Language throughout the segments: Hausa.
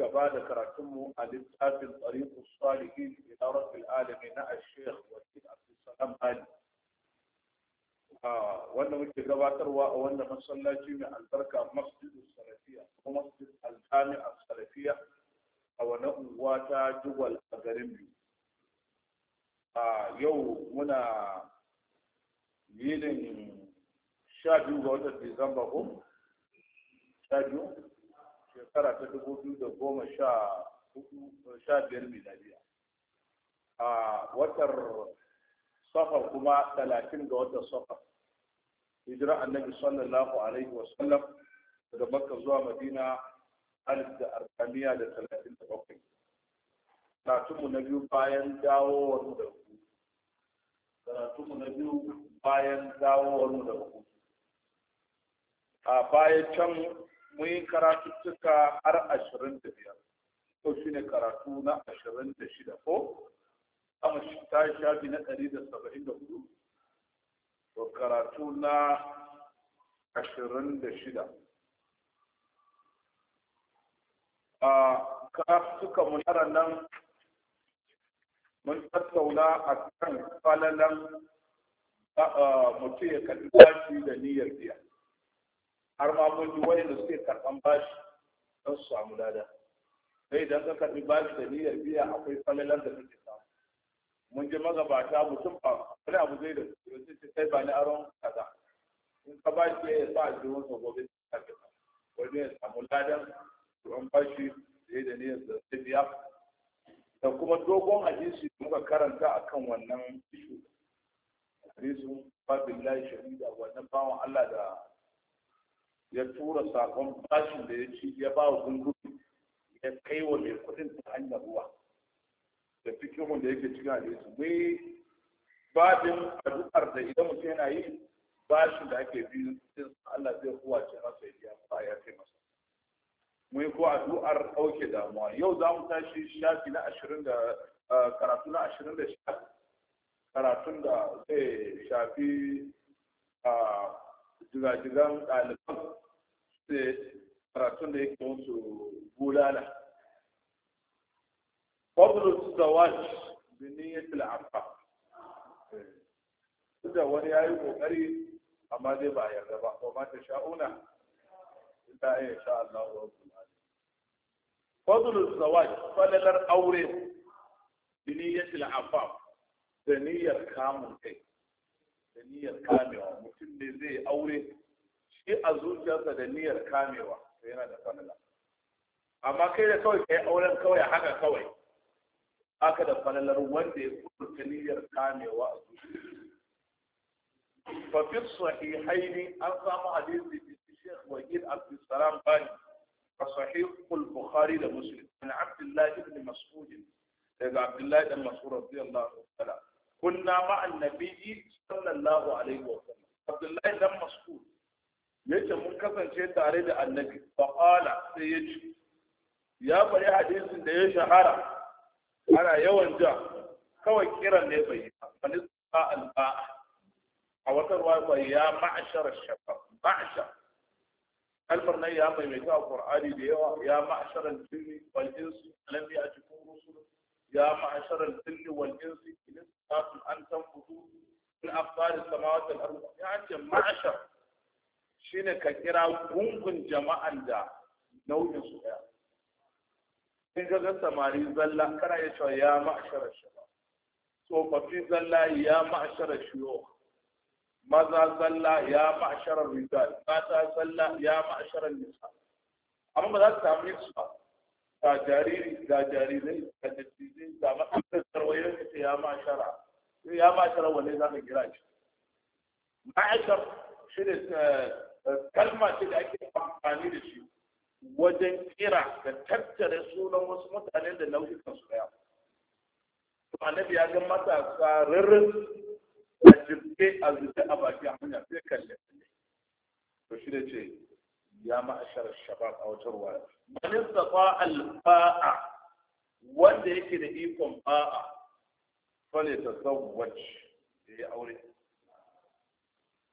gaba da karatunmu a littafin tsariƙus salihin ila rabbil alamin na al-sheikh wakil abdulsalam ali ah, wanda muke gabatarwa a wannan masallaci mai albarka masjid salafiya ko masjid al-jami salafiya a wannan unguwa ta jubal a garin biyu ah, yau muna yinin sha biyu ga watan disamba ko sha biyu shekara ta dubu biyu da goma sha biyar miladiya a watar safar kuma talatin ga watan safar hijira annabi sallallahu alaihi wa sallam daga makka zuwa madina alif da arkaniya da talatin da bakwai karatunmu na biyu bayan dawowar mu da hukumu karatunmu na biyu bayan dawowar da hukumu a bayan can mun yi karatuttuka har ashirin da biyar ko shi ne karatu na ashirin da shida ko a shi ta shafi na ɗari da saba'in da hudu to karatu na ashirin da shida a karatuka mun yara nan mun tattauna a kan falalan mutum ya kalli da niyyar biyar. har ma mun ji wayanda suke karɓan bashi don su samu lada sai idan ka karɓi bashi da niyyar biya akwai salilan da suke samu mun ji magabata mutum ba wani abu zai da yanzu ce kai ba ni aron kaza in ka shi ya sa a wani gobe su ta ba wani ya samu ladan ruwan bashi da da niyyar da su biya da kuma dogon hadisi da muka karanta akan wannan ishu hadisin babillahi shari'a wannan bawan Allah da ya tura sakon bashin da ya ci ya ba wa gungumi ya kai wa mai kudin ta hanyar ruwa da fikihun da yake cikin hadisi mai babin addu'ar da idan mutum yana yi bashin da ake bi din Allah zai kuwa ce masa ya ba ya kai masa mai ko addu'ar ɗauke damuwa yau za mu tashi shafi na ashirin da karatu na karatun da zai shafi jigajigan ɗaliban karatun da yake musu bulala fadlu zawaj bi niyyati al-afa da wani yayi kokari amma zai ba yarda ba ko ma ta sha'una illa yi sha Allah rabbul su fadlu zawaj falalar aure bi ya al-afa da niyyar kamun kai da niyyar kamewa mutum ne zai aure shi a zuciyarsa da niyyar kamewa to yana da falala amma kai da kawai kai auren kawai haka kawai aka da falalar wanda ya furta niyyar kamewa a zuciyarsa fa fi sahihaini an samu hadisi da Sheikh Wahid Abdul Salam Bani صحيح البخاري لمسلم عن عبد الله بن مسعود عبد الله بن مسعود رضي الله عنه kunna ma'an nabiyyi sallallahu alaihi wa sallam abdullahi dan mas'ud yace mun kasance tare da annabi fa sai ya yace ya bari hadisin da ya shahara ana yawan ja kawai kiran ne bai falisa alba'a a wata ruwa ya ma'ashar shabab ma'ashar kalmar nan ya mai mai kawo qur'ani da yawa ya ma'ashar al-jinni wal insi lam ya'tikum rusul ya ma'ashar al-jinni wal insi أنفسكم أن تنفذوا من أقطار السماوات والأرض يعني معشر shine ka kira gungun jama'an da nau'in su ɗaya in ga samari zalla kana ya cewa ya tsofaffi zalla ya maza zalla ya mata zalla ya nisa amma ba za su samu su ba ga jariri ga jarirai ga dattijai ga matsalar tarwayen da ke ya ma shara ya ma shara wanne za ka kira shi ma'aikar shi ne eh, eh, kalma ce da ake amfani da shi wajen kira da tattare sunan wasu mutanen da nau'ikan su daya to annabi ya ga mata rarrin a jirge a zuke a baki a hanya sai kalle to shi ne ce ya ma'ashar shabab a wata ruwa من استطاع الباء وده يكيد إيكم باء فليتزوج هي أوري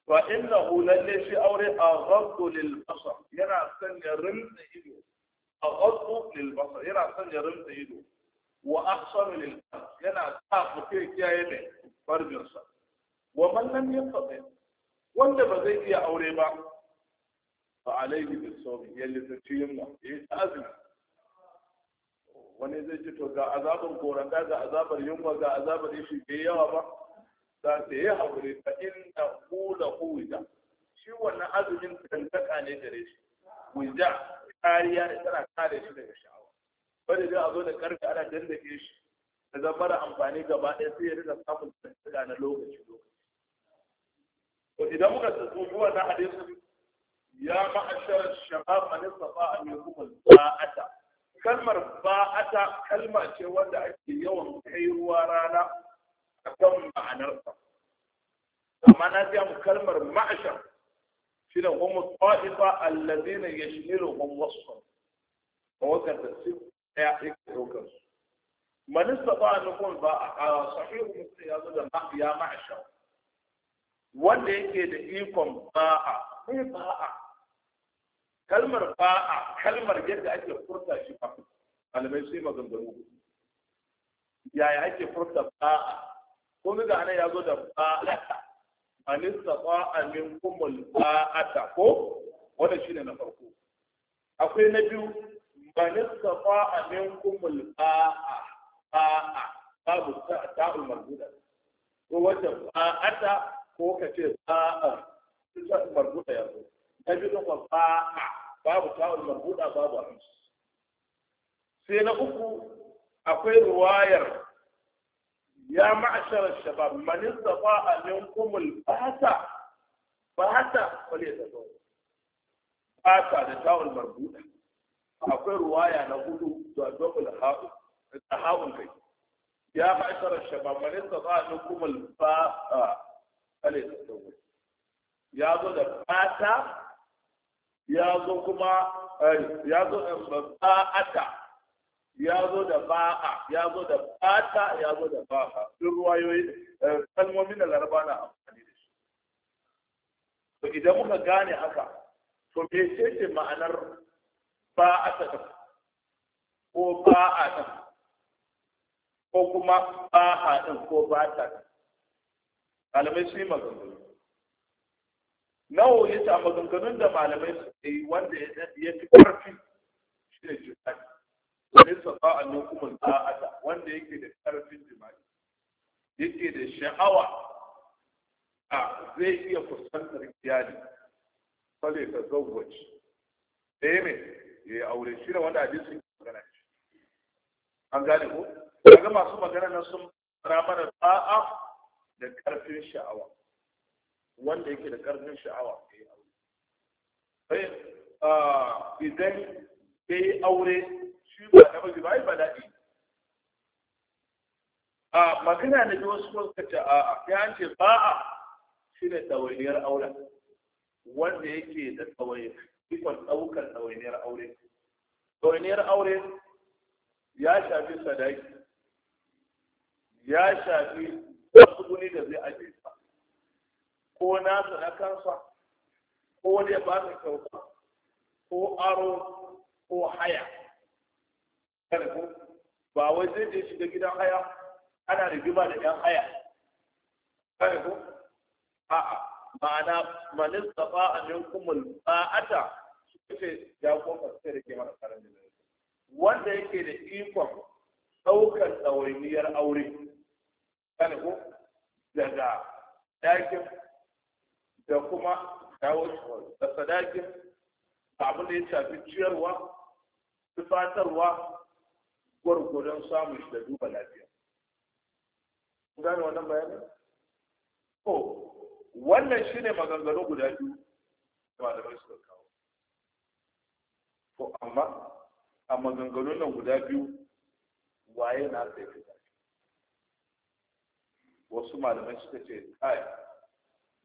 فإنه لليش أوري أغض للبشر يرى سن رمز إيدو أغض للبشر يرى سن رمز إيدو وأحصن للبشر يرى ساق رمز كيائنة ومن لم يستطع وانت بزيك يا أوري fa alaihi bi sawmi ya lissaci yunwa ya yi azumi wani zai ci to ga azabar koranta ga azabar yunwa ga azabar ishi bai yawa ba za ta yi haƙuri fa inna hula huwida shi wannan azumin dangaka ne gare shi wija kariya da tana kare shi daga sha'awa bari da a zo da karfi ana dandake shi da zama da amfani gaba ɗaya sai ya rika samun dangaka na lokaci lokaci to idan muka tsotsi wannan hadisi يا معشر الشباب من استطاع ان يقوم الباءتا كلمه باءتا كلمه تودع اليوم هي ورانا كم معنى ثم نجم كلمه معشر شنو هم الطائفه الذين يشملهم وصفا يعطيك السن من استطاع ان يقوم على آه، صحيح مسلم يا معشر ولا يجي فيكم باءة ايه باءة kalmar ba'a kalmar yadda ake furta shi ba malamai sai maganganu yaya ake furta ba'a kuma ga ana ya zo da ba'ata man ba'a min kumul baata ko wannan shine na farko akwai na biyu man ba'a min kumul baa ba'a babu ta'ul marbuda ko wata ba'ata ko kace ba'a ta'ul marbuda ya zo tabi'un wa ba'a babu ta'ul marbuda babu alif sai na uku akwai ruwayar ya ma'ashar shabab man istafa'a minkum al-bahata bahata wale da zo bahata da ta'ul marbuda akwai ruwaya na hudu da dubul ha'u da ha'un kai ya ma'ashar shabab man istafa'a minkum al-bahata wale da zo ya zo da bahata ya zo kuma eh, ya zo da eh, ba'ata ya zo da ba'a ya zo da ba'ata ya zo da ba'a duk ruwayoyi eh, kalmomin da laraba na amfani da shi to idan muka gane haka to me ce ce ma'anar ba'ata ko ba'a ta ko kuma ba'a din ko bata malamai su yi maganganu Nawo ya ce a maganganun da malamai suka yi wanda ya fi ƙarfi shi ne jima'i wani saba a lokumin sa'ada wanda yake da ƙarfin jima'i yake da sha'awa a zai iya fuskantar iyali kwale ta zawwaci ɗaya mai ya yi aure shi ne wanda sun ke magana shi an gane ko daga masu magana na sun fara mana da ƙarfin sha'awa wanda yake da karfin sha'awa ya yi aure idan ya yi aure shi ba na mafi ba ba daɗi a magana na ji wasu kuma ce a ya ce ba a shi ne tsawainiyar aure, wanda yake da tsawainiyar ikon ɗaukar tsawainiyar aure tsawainiyar aure ya shafi sadaki ya shafi wasu guni da zai ajiye ko nasu na kansa ko ne ba su kyauta ko aro ko haya ko ba wai zai je shiga gidan haya ana rigima da yan haya kare ko a'a ma'ana manis ba a ta ba'ata ce ya kofar sai da ke mara karin da wanda yake da ikon ɗaukar ɗawainiyar aure kare ko daga ɗakin da kuma dawo da sadakin abin da ya shafi ciyarwa tufatarwa gwargwadon samun shi da duba lafiya gane wannan bayanin ko wannan shine maganganu guda biyu da malamai suka kawo to amma a maganganu nan guda biyu waye na tsaye wasu malamai suka ce kai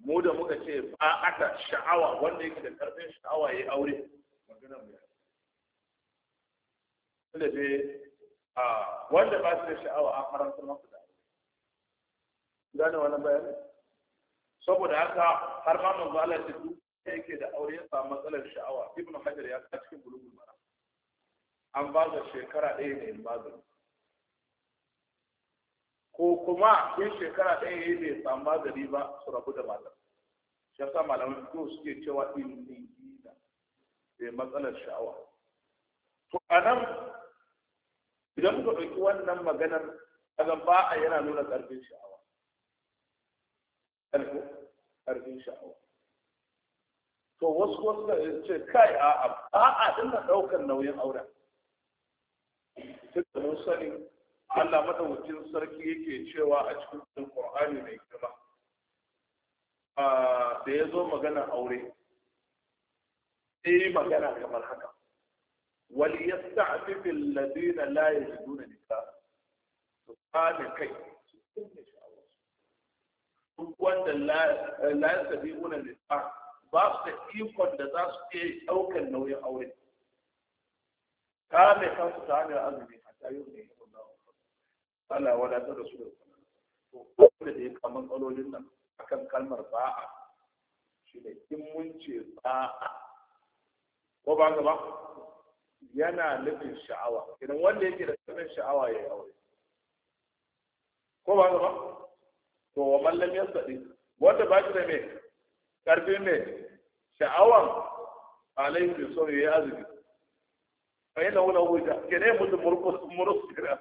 mu da muka ce ba aka sha'awa wanda yake da karfin sha'awa ya yi aure magana mu da dai a wanda ba su da sha'awa a haramta masu da aure gane wani bayan saboda haka har ma mu zala ce duk yake da aure ya samu matsalar sha'awa ibnu hajar ya ka cikin bulugul mara an ba da shekara ɗaya ne in ba da ko kuma kun shekara ɗaya ya yi bai samu magani ba su rabu da matar shi yasa malamai ko suke cewa in ingila bai matsalar sha'awa to a nan idan muka ɗauki wannan maganar kaga ba a yana nuna ƙarfin sha'awa ƙarfin sha'awa to wasu wasu da ce kai a a a dinga ɗaukar nauyin auren sai da mun sani Allah madawacin sarki yake cewa a cikin Qur'ani mai girma da ya zo magana aure sai eh, magana kamar haka wal yasta'fif alladhina la yajiduna nikah su kana kai su kunce sha'awa duk wanda la yasta'fifuna nikah ba su da ikon da za su iya ɗaukar nauyin aure kame kansu ta hanyar azumi a tayo ne Allah wadatar da su da to da ya kama matsalolin nan akan kalmar ba'a shi ne in mun ce ba'a ko ba gaba yana nufin sha'awa idan wanda yake da sanin sha'awa ya yi aure ko ba gaba to wa mallam ya sadi wanda ba shi da me karfi me sha'awan alaihi bi sauri ya azumi fa yana wani wuta kene mutum murkus murkus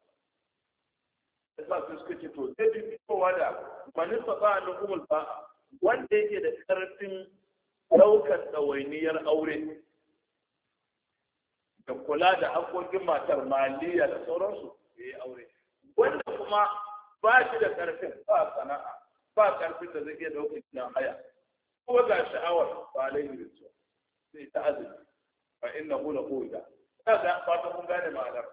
yasa sai suka ce to sai bi kowa da manufa ba na kumul ba wanda yake da ƙarfin ɗaukar ɗawainiyar aure da kula da haƙoƙin matar maliya da sauransu ya aure wanda kuma ba shi da ƙarfin ba sana'a ba ƙarfin da zai iya ɗaukar gidan haya ko ga sha'awar ba laifin da su sai ta azumi fa inna hu la quda kaga ta kun gane ma'anar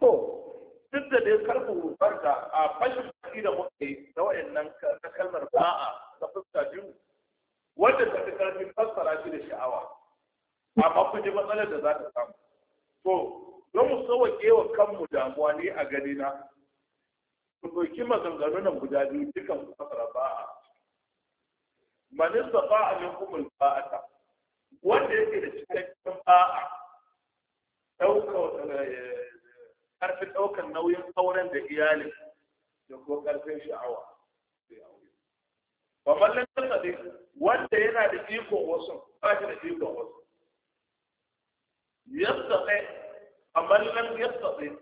to duk da dai karfin rufar da a fashin baki da muke da wayannan ta kalmar ba'a ta fuska biyu wanda ta fi karfin fassara shi da sha'awa amma ku ji matsalar da za ta samu to don mu sauwaƙe wa kanmu damuwa ne a gani na ku ɗauki maganganun nan guda biyu dukan ku fassara ba'a manista ba'a min kumul ba'ata wanda yake da cikakken ba'a ɗaukar karfin ɗaukar nauyin auren da iyalin da ko karfin sha'awa ba mallan kasade wanda yana da iko wasu ba shi da iko wasu yadda kai a mallan yadda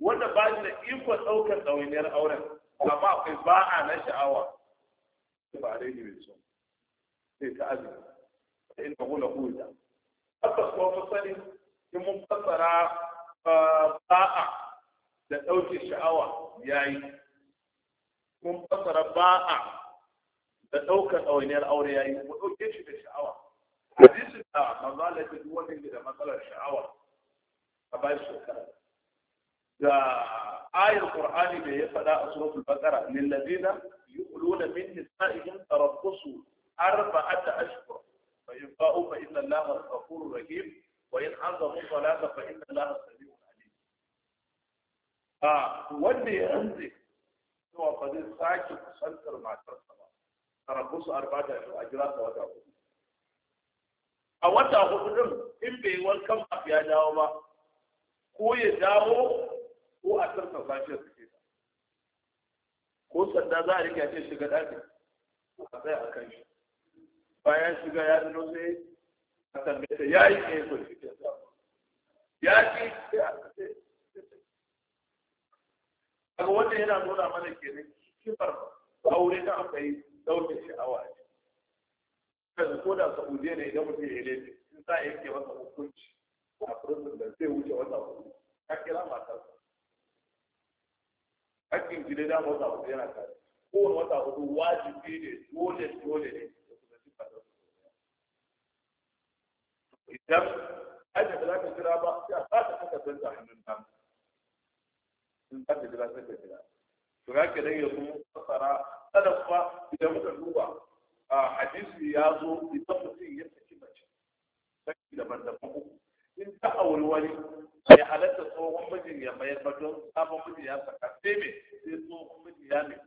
wanda ba shi da iko ɗaukar ɗawainiyar auren amma akwai ba a na sha'awa ba dai ne mai so sai ta azumi inda hula hula tabbas ko mun sani in mun fassara ba'a da ɗauke sha'awa ya yi kun fasara ba'a da ɗaukar ɗawainiyar aure ya yi mu ɗauke shi da sha'awa hadisin da manzala ta duk wanda ke da matsalar sha'awa a bayan shekara da ayar qur'ani da ya faɗa a suratul baqara lil ladina yuquluna min nisa'ihim tarabbusu arba'ata ashhur fa in fa'u fa inna allaha ghafurur rahim wa in azamu salata fa inna allaha samiu a wanda ya rantse cewa ba zai sake kusantar matarsa ba rabu su arba da a jira ta wata hudu a wata hudu din in bai wankan abu ya dawo ba ko ya dawo ko a tarsa su ke ta ko sanda za a rike ce shiga ko a tsaye a kan shi bayan shiga ya zano sai a tambaye ya yi ne ko shi ke ya ce sai a tsaye kaga wanda yana nuna mana ne kifar aure da aka yi dauke sha'awa ne kan ko da saudiya ne idan mutum ya laifi sun sa yanke masa hukunci a prison da zai wuce wata hudu ka kira matarsa hakkin gida da wata hudu yana kare wani wata hudu wajibi ne dole dole ne idan ajiye da za ka kira ba sai a sa ta kaka canza hannun ta sun tafi jira sai ka jira to ya ke dai yanzu fasara kada kuma idan muka duba a hadisi ya zo idan mutum ya saki mace saki daban-daban uku in ta auri wani ya halatta tsohon mijin ya mayar ba don sabon mijin ya saka sai me sai tsohon mijin ya mai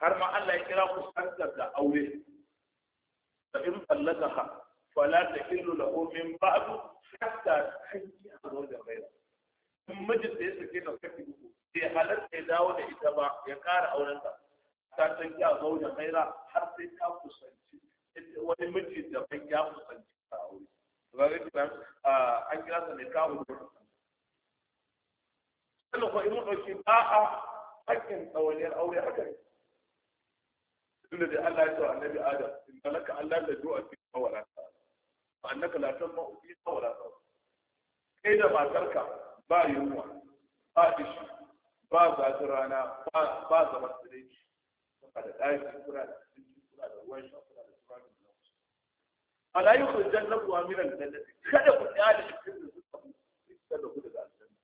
har ma Allah ya kira ku kusantar da aure da in ballagaha fala ta illu lahu min ba'du hatta tanki a zo da ghayra in mijin da ya sake da kafi uku sai halatta ya dawo da ita ba ya kara auren ta ta san ya zo da maira har sai ta kusanci wani miji da ban ya kusanci ta aure ba ga kiran an kira sa ne kawo da sannan ko in mun dauki ba a hakkin tsawaniyar aure haka ne tunda da Allah ya tsawa annabi Adam in balaka Allah da du'a fi kawala ta annaka la tamma fi kawala ta kai da matarka ba yunwa ba ishi ba zafin rana ba zaman tsiraici kuna da ɗaki kuna da abinci kuna da ruwan sha kuna da turamin nauci ala yi ku jannan kuwa miran jannati kada ku tsaya da shi da suka fita da ku daga aljanna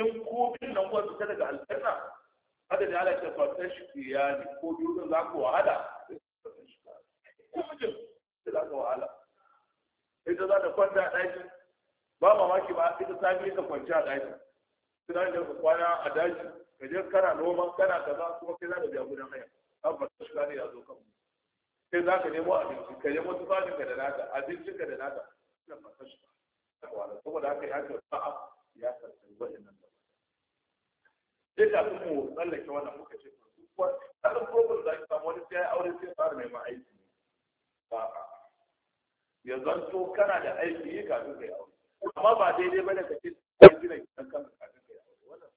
in ko bin nan kuwa fita daga aljanna kada da ala ta shi shi kiyani ko biyu din za ku wahala ko mutum da za ku wahala ita za ta kwanta a ɗakin ba mamaki ba ita sami ka kwanci a daji suna da kwana a daji ka je kana noman kana kaza kuma kai za ka biya gudan haya abba ba shi ne ya zo kan mu sai za ka nemo abinci ka nemo tufafin ka da naka abincin ka da naka suna ba ka shi ba saboda haka ya ce ba'a ya karɓi waɗannan gaba duk da sun mu tsallake wannan muka ce kuwa tsarin program da ake samu wani sai ya aure sai fara mai ma'aiki ba ba ya zanto kana da aiki yi kafin ka yi aure amma ba daidai ba ne ka ce ka gina gidan kanka kafin ka yi wannan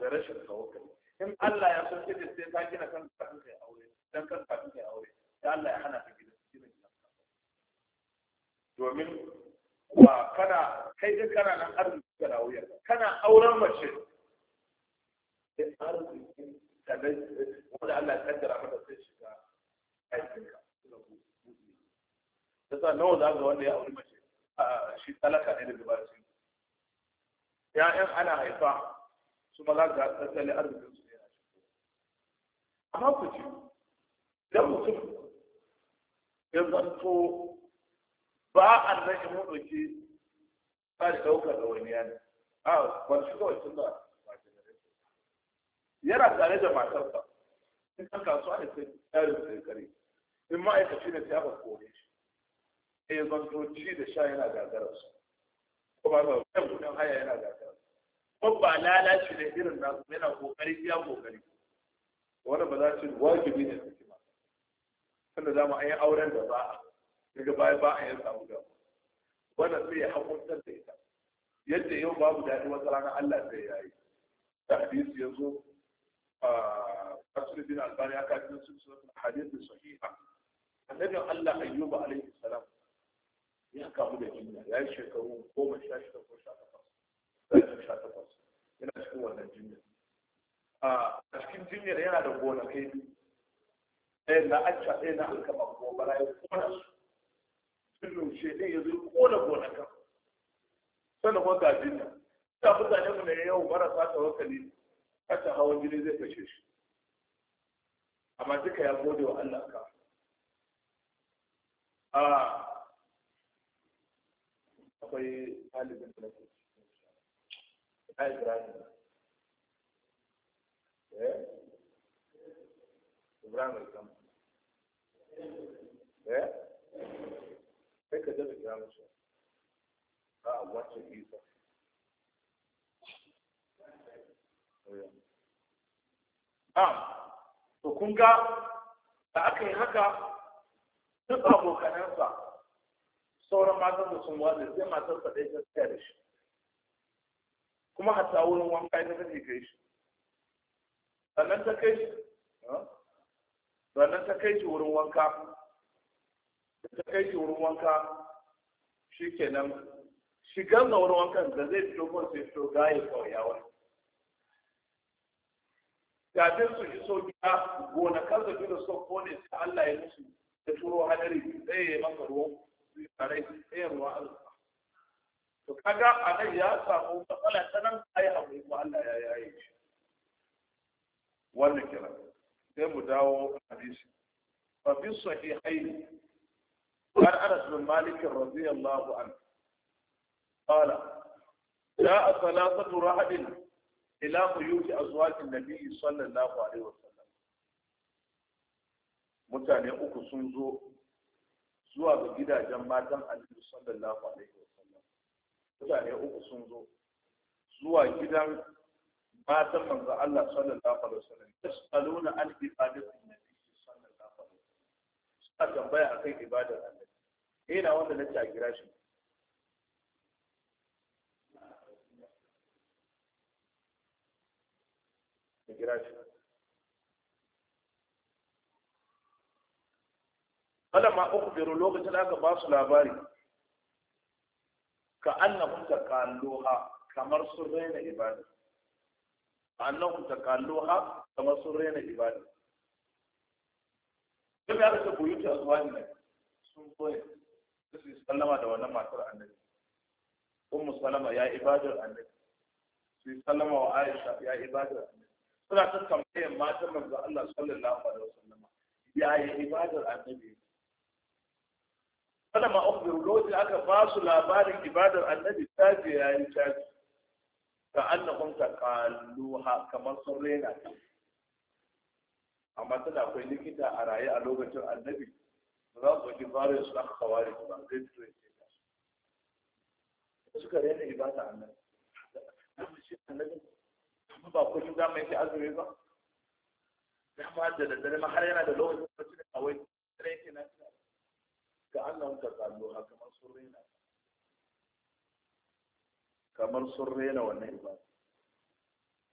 da rashin tawakkali in Allah ya so ce sai ka gina kanka kafin ka yi aure dan kanka kafin ka yi aure da Allah ya hana ka gina gina gidan domin wa kana kai din kana nan arziki ga wuyar kana auren mace da arziki da wanda Allah ya kaddara mata sai shiga aikinka da sa nawa za ga wanda ya auri mace shi talaka ne daga baya ya'yan ana haifa su ma za ga tattalin arzikin su ne a cikin amma ku ci da mutum ya zanto ba a nan shi mun ɗauki ba da ɗaukar da wani yana a kwanci kawai tun da yana tare da matarsa in kan kasuwa ne sai yarin sai kare in ma'aikaci ne sai aka kore shi sai zanto ci da sha yana gagarar su kuma ba wajen kudin haya yana gagarar Kuma ko ba lalaci ne irin nasu yana kokari ya kokari Wani ba za su wajibi ne su kima tunda za mu an yi auren da ba a daga baya ba a yin samu da wanda sai ya hakuntar da ita yadda yau babu daɗi wata na Allah ya yi. da hadisi ya zo a asirin bin albani ya kafin sun sun hadisi sahiha annabin Allah ayyuba alaihi salam ya kamu da jinya ya yi shekaru goma sha shida ko sha takwas sha takwas yana cikin wannan jinya a cikin jinyar yana da gonakai ɗaya na acca ɗaya na alkama gobara ya kona su tullum shi ɗaya ya zo kona gonakan sannan kuma ga jinya ta mutane mu ne yau marasa tawakkali kasa hawan jini zai kashe shi amma duka ya gode wa Allah ka a akwai ɗalibin da nake na ibrahim eh ibrahim alkam eh sai ka daga kira mace a wacce isa eh. ah, to kun ga da aka yi haka duk abokanansa sauran matan da sun watsa sai matar sa ɗaya gaskiya da shi kuma a wurin wanka ita take kai shi sannan ta kai shi sannan ta kai shi wurin wanka da ta kai shi wurin wanka shi kenan shigar na wurin wankan da zai fito ko sai fito gaye kawai yawon kafin su iso gida gonakan da duk da so kone sai Allah ya musu da turo hadari sai ya masa ruwan alai tsayarwa to kaga nan ya samu matsala ta nan yi abu ko Allah ya yaye shi wannan kira sai mu dawo hadisi fa fi sahihain قال انس بن مالك radiyallahu anhu. عنه قال جاء ثلاثه ila الى بيوت ازواج النبي صلى الله عليه mutane uku sun zo zuwa ga gidajen matan annabi sallallahu alaihi wasallam mutane uku sun zo zuwa gidan matan manzo Allah sallallahu alaihi wasallam tasaluna an ibadatin nabi sallallahu alaihi wasallam suka tambaya akan ibadar annabi ina eh, wanda na a gira shi kira shi uku biro lokacin aka ba su labari ka annahum taqalluha kamar sun raina ibada annahum taqalluha kamar sun raina ibada sai aka ce buyuti azwani ne sun koyi su sallama da wannan matar annabi ummu salama ya ibadar annabi su sallama wa aisha ya ibadar annabi suna ta tambayar matan manzo Allah sallallahu alaihi wasallam ya ibadar annabi ma ukhbiru lokacin aka ba su labarin ibadar annabi ta ya yi caji ka annahum ha kamar sun rena amma da akwai likita a raye a lokacin annabi za su ji fara su aka kawari ba zai fito ya ce suka rena ibada annabi ba ku za mu yake azumi ba Ya dama da daddare ma har yana da lokacin a kawai. tsare ke na كأنهم تقالوها كما سرينا كما سرينا والنعبة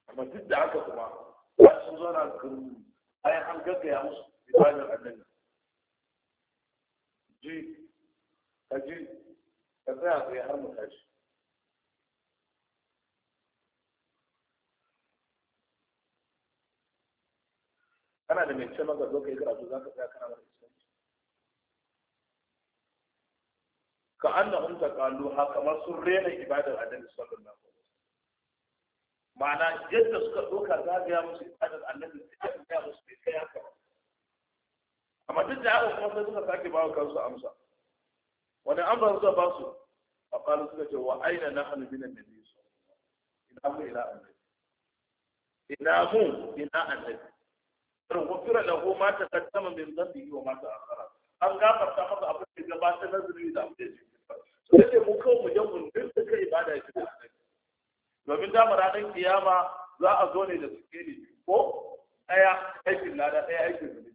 أما تدعى كما وأسن زونا الكرم أي حلقك يا مصر بتاجر النبي جي أجي أفاق يا حرم الحاج أنا لما يتشمك الوقت يقرأ جزاك ka annahum taqalu ha kamar sun rena ibadar annabi sallallahu alaihi wasallam ma'ana yadda suka doka zagaya musu ibadar annabi sallallahu alaihi wasallam bai kai haka amma duk da haka kuma sai suka sake bawa kansu amsa wani amsa suka ba su a ƙwarar suka ce wa aina na hannu binan da ina mu ila annabi ina mu ina annabi kira gufira mata ma taqaddama min yi wa mata akara an gafarta masa abin da gabatar na zunubi da abin da ya ce sai dai mu kawai mu je mu dinka kai ibada ya fita domin dama ranar kiyama za a zo ne da ne ko ɗaya aikin lada ɗaya aikin zunubi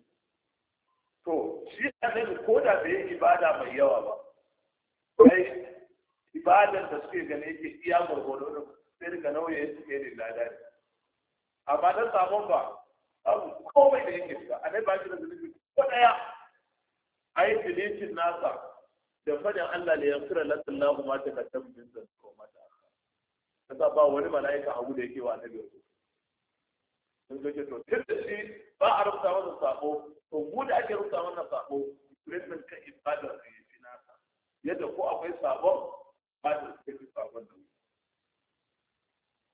to shi annabi ko da bai yi ibada mai yawa ba kai ibadan da suke gane yake iya gwargwado da sai daga nauye suke ne lada ne amma na samun ba abu komai da yake a annabi ba shi da zunubi ko ɗaya ai filicin nasa da fadin Allah ne da lagu mata ma ta kaddam min zan ko mata kasa ba wani mala'ika a gudu yake wa nabi yanzu sun zo to tun da shi ba a rufta wannan sako to mu da ake rubuta wannan sako ka kan ibadar da fi nasa yadda ko akwai sabon ba da cikin sabon da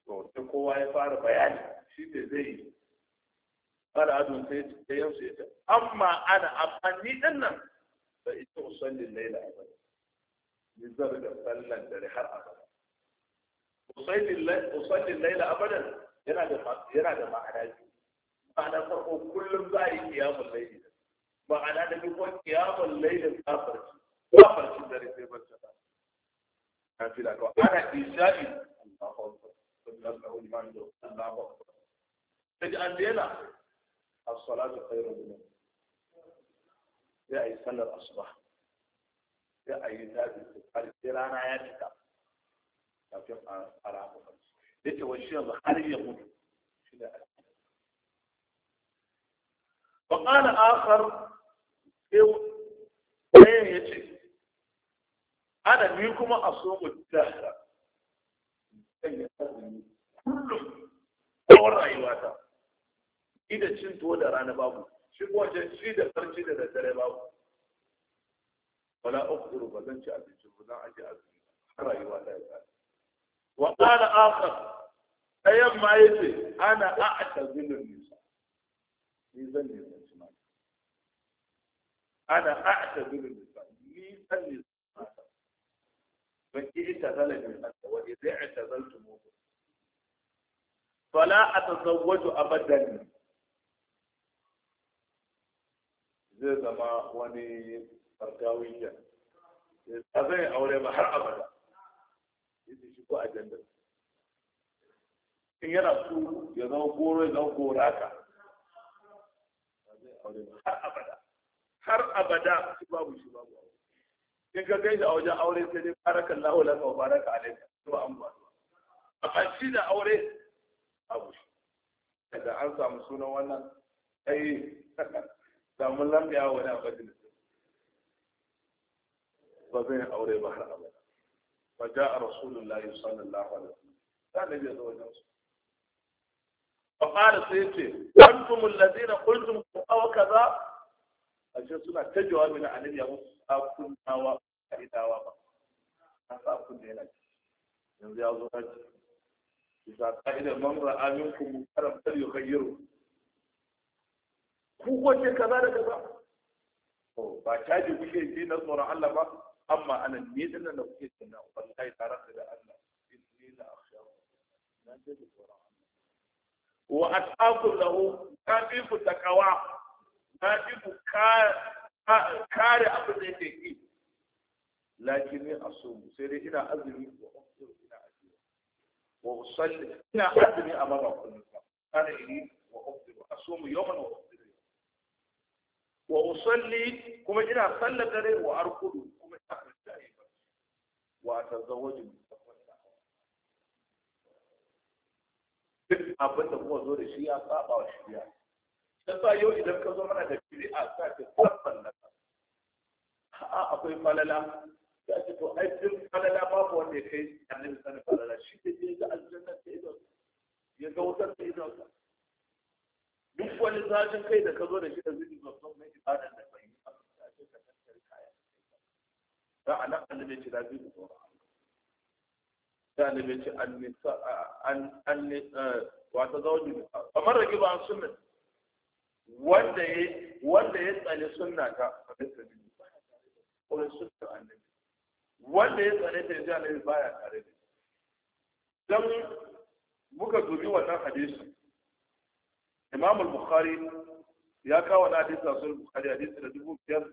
to sai kowa ya fara bayani shi ne zai yi fara adon sai ta ya yi amma ana amfani ni din nan فإنت أصلي الليلة أبدا لذلك أصلي الليلة أبدا أصلي الليلة أبدا هنا هنا معنى معنى فرقه كل ما قيام الليل معنى أن يكون قيام الليل الآخر الآخر شدر في مجتمع كان في لك أنا إيشاني الله أكبر الله أكبر تجعل لنا الصلاة خير من الله يأي سنة الأصبح يأي ذات الفقر الثلان عيات كتاب يبقى على أبو خمس ليت وشي يقول وقال آخر يو أين يتي أنا منكم أصوم الدهر أن يتظلم كل أورا إذا كنت ولا رانا بابو shi wajen shi da farci da dare ba wala ba ci abinci ba zan aje azumi rayuwa ta yi tsari wa qala akhar ma yace nisa ni zan ne zan ci ana a'tazilu nisa ni zan ne ban ita abadan zai zama wani farkawi ya eh, ba zai aure ba har abada yadda shi ko ajanda in yana su ya zama goro ya zama goraka ba zai aure ba har abada har abada shi babu shi babu in ka gaisa a wajen aure sai dai barakan lahu laka wa baraka alaika ba an ba amma shi da aure abu shi da an samu sunan wannan ai da mun lambiya wani a majalisin ba zai aure ba har abada fa ja'a rasulullahi sallallahu alaihi wasallam da nabi ya zo wajen su فقال سيتي أنتم الذين قلتم أو كذا أجل سنة تجوى من أن يوم أكنا وإذا وما أكنا لك ينزي أزواج إذا قائل من رأى منكم مكرم فليخيره ku wace kaza da kaza to ba caji kuke ji na tsoron Allah ba amma anan ne din nan da kuke tunna wallahi taraka da Allah inni la akhsha na da tsoron Allah wa ataqu lahu kafifu takawa na ji ku kare abin da yake yi lakin ni asumu sai dai ina azumi wa ufsiru ina azumi wa usalli ina azumi a mara kullum kana ini wa ufsiru asumu yawman wa wa usalli kuma ina sallar dare wa arkudu kuma ina kwanta ne wa tazawwaju duk abin da kuma zo da shi ya saba wa shari'a ta sa yau idan ka zo mana da bid'a ta ce tabban nan a akwai falala ta ce to ai duk falala babu wanda ya kai annabi sani falala shi ke ne da aljanna ta ido ya ga wutar ta ido duk wani zafin kai da ka zo da shi da zubi babban mai ibadar da bai yi a ce ka tattare kaya da a nan annabi ce da zubi tsoron da annabi ce an eh, wata zauji kamar rage ba sunna wanda ya wanda ya tsane sunna ta ko sunna annabi wanda ya tsane ta ya annabi baya tare da dan muka dubi wannan hadisi imam al-bukhari ya kawo na hadisi a sun bukhari hadisi da dubu biyar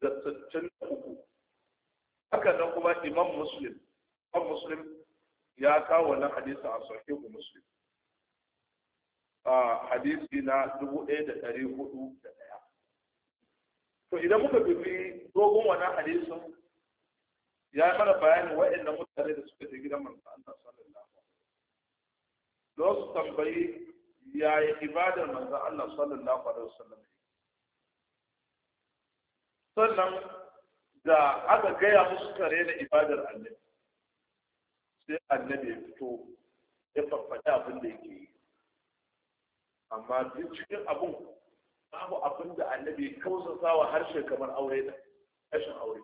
da sattan uku haka nan kuma imam muslim imam muslim ya kawo wannan hadisi a sahihu muslim a hadisi na dubu ɗaya da ɗari hudu da ɗaya to idan muka bibi dogon wannan hadisin ya mana bayanin waɗannan mutane da suka je gidan manzo Allah sallallahu alaihi wasallam don su tambayi yaya ibadar manzon Allah sallallahu alaihi wasallam sannan da aka gaya musu kare da ibadar annabi sai annabi ya fito ya farfaɗi abin da yake yi amma duk cikin abin babu abin da annabi kausasa wa harshe kamar aure da rashin aure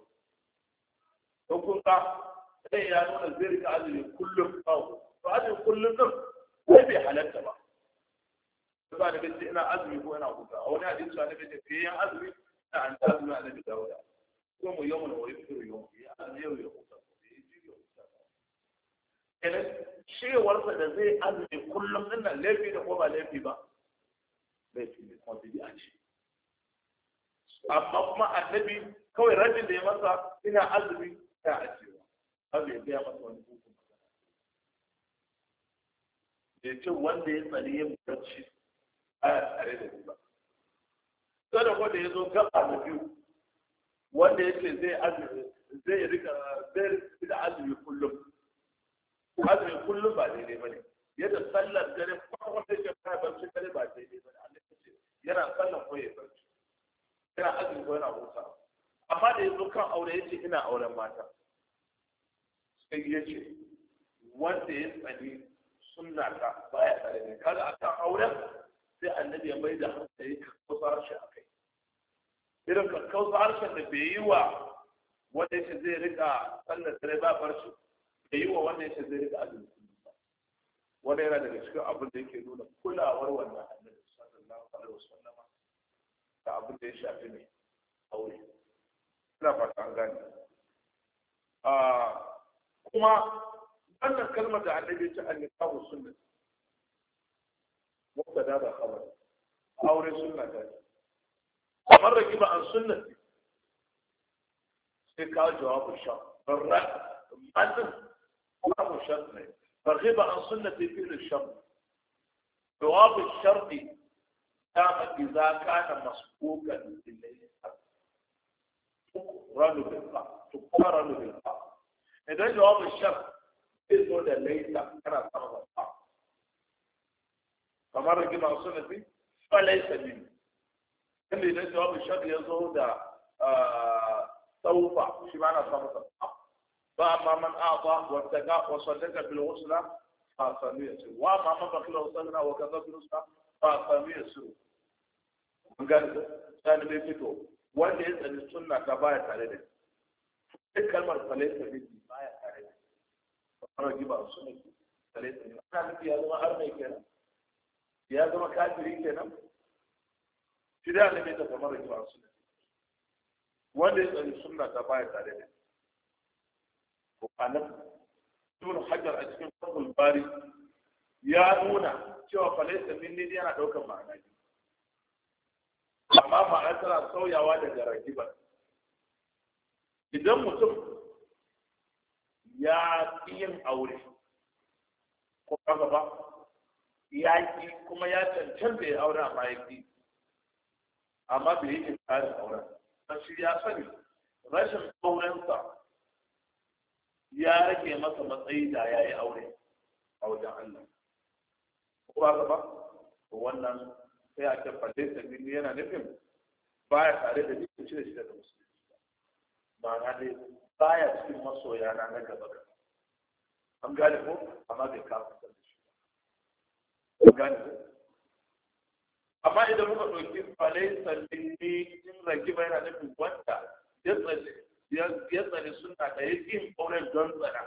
don kun ka, sai ya nuna zai rika azumi kullum ba to azumi kullum din sai bai halatta ba sai ba nabi ina azumi ko ina a wani hadisi ba nabi ce fiye azumi da an azumi a nabi dawuda ko mu yau mu wai fiye yau ya azumi yau ya huta kenan cewarsa da zai azumi kullum din nan laifi da ko ba laifi ba laifi ne kuma bi a ce amma kuma annabi kawai rabin da ya masa ina azumi ta ajiyewa abu ya gaya masa wani hukun da ce wanda ya tsari ya mutarci ana tare da ni ba sada ko da zo, gaba na biyu wanda yake zai azumi zai rika zai rika azumi kullum azumi kullum ba daidai bane yadda sallar dare farko sai ka fara barci dare ba daidai ne. Allah ya ce yana sallar ko ya barci yana azumi ko yana hutawa amma da ya zo kan aure ya ce ina auren mata sai ya ce wanda ya tsani sunna ta baya tsare ne kaga akan auren sai annabi ya mai da hannu hankali kakkausa harshe a kai irin kakkausa harshen da bai yi wa wanda yake zai rika sannan dare ba barci bai yi wa wanda yake zai rika azumi ba wanda yana daga cikin abin da yake nuna kulawar wannan annabi sallallahu alaihi wasallam da abin da ya shafi mai aure ina fata an gane ah, kuma wannan kalmar da annabi ta annabi sunna مبتدا هذا خبر او رسول الله امر ركب عن سنه في قال جواب الشرط فرع جواب الشرط فرغب عن سنة في الشرط جواب الشرط كان اذا كان مسبوقا بالليل تقرن بالله تقرن بالله اذا جواب الشرط اذن ليس كان سبب الله kamar rigima suna fi falai sabi inda idan jawabin shaɗi ya zo da saufa shi ma na samu ba amma man a'ta wa taqa wa saddaqa bil husna fa sami yasir wa amma man bakila wa sanna wa kaza bil husna fa sami yasir ngan dan bai fito wanda ya tsani sunna ta baya tare da duk kalmar falaita bi baya tare da fara giba sunna falaita ana nufi ya zama arnai kenan ya zama kafiri kenan shi da ne ta kamar rikiwa su. wanda ya tsari suna ta baya tare da ko anan tun hajar a cikin fatul bari ya nuna cewa falaisa minni yana daukar ma'ana ne amma ma'ana tana sauyawa daga ba idan mutum ya ƙi yin aure ko kaga ba ya yi kuma ya da ya aure a bayan ki amma bai yi inkarin auren ba shi ya sani rashin aurensa ya rage masa matsayi da ya yi aure a wajen Allah ko ba ka ba wannan sai a fadde ta bini yana nufin baya tare da jikin cire shi daga musulunci ne. dai baya cikin masoya na na gaba gaba an gane ko amma bai kafa amma idan muka ɗauki falai tsalli ne in rage bai na nufin wanda ya tsare suna da ya ƙin ƙaunar don tsara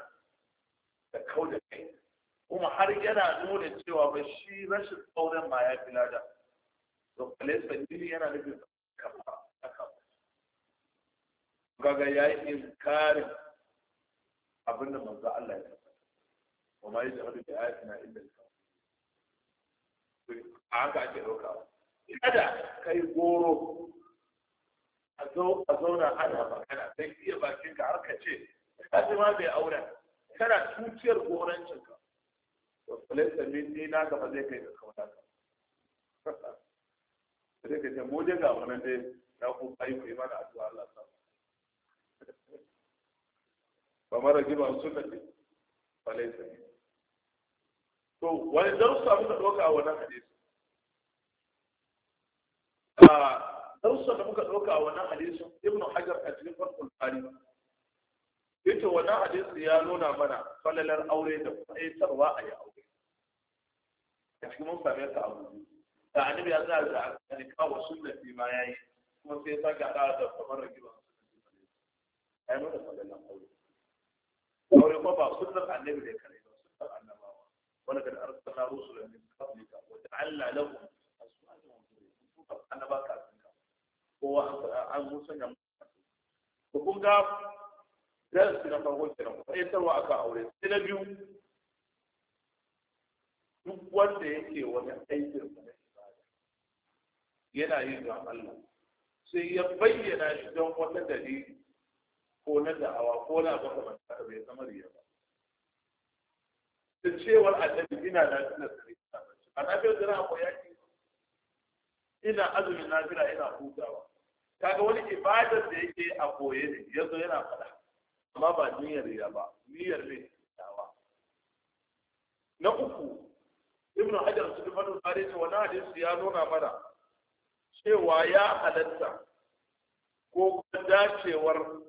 da kau da kai kuma har yana nuna cewa ba shi rashin ƙaunar ma ya fi lada to falai yana nufin kafa a kafa gaga ya yi inkarin abinda manzo Allah ya yi da da a haka ake ɗauka kada kai goro a zauna ana magana sai iya bakin ka har ka ce ka ji ma bai aure kana tuciyar gorancin ka to falaisa min ni na gaba zai kai ka kamar haka sai ka ce mu ga wannan dai na ku kai ku imana addu'a Allah ta ba mara jiba sunnati falaisa ne. to wani darussa da ɗauka a wannan hadisi darussan da muka ɗauka a wannan hadisi ibnu hajar a cikin farkon tsari yace wannan hadisi ya nuna mana falalar aure da kwaitarwa a yi aure a cikin mun same ta abu da annabi ya tsaya da alƙa wa fi ma yayi kuma sai ta ga da kamar ragiba ai mun da falalar aure aure kuma ba sunnar annabi da kare ولقد أرسلنا رسلا من قبلك وجعلنا لهم أزواجا وذرية أنا بقى هو أن مسلم kun ga darasi na farko kenan fahimtarwa akan aure sai na duk wanda yake wani aikin na ibada yana yin don Allah sai ya bayyana shi don wata dalili ko na da'awa ko na makamantar bai zama riya ba da cewar annabi ina da ina sare annabi da na ko yaki ina azumin nafila ina hutawa kaga wani ibadar da yake a koye ne yanzu yana fada amma ba niyyar riya ba niyyar ne dawa na uku ibnu hajar su da fadu tare ce wani hadisi ya nuna mana cewa ya halatta ko kuma dacewar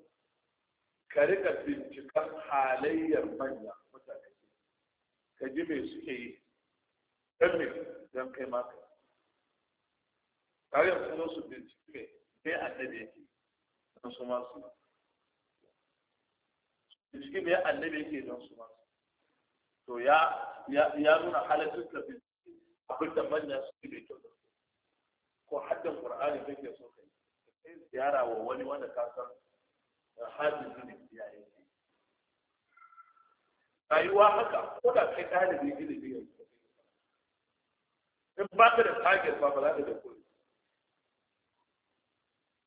ka rika bincikan halayyar manya ka ji me suke yi Ɗan me dan kai ma kai har yanzu sun su bincike bai me annabi yake dan su ma su bincike bai annabi yake dan su ma su to ya ya nuna halattun da bincike abin da manya suke bai kyau da ko haddan qur'ani kake so kai ziyara wa wani wanda ka san hadisin ne ya yake rayuwa haka ko da kai ɗalibi ilimi yanzu in ba ka da target ba ba za ka da kuɗi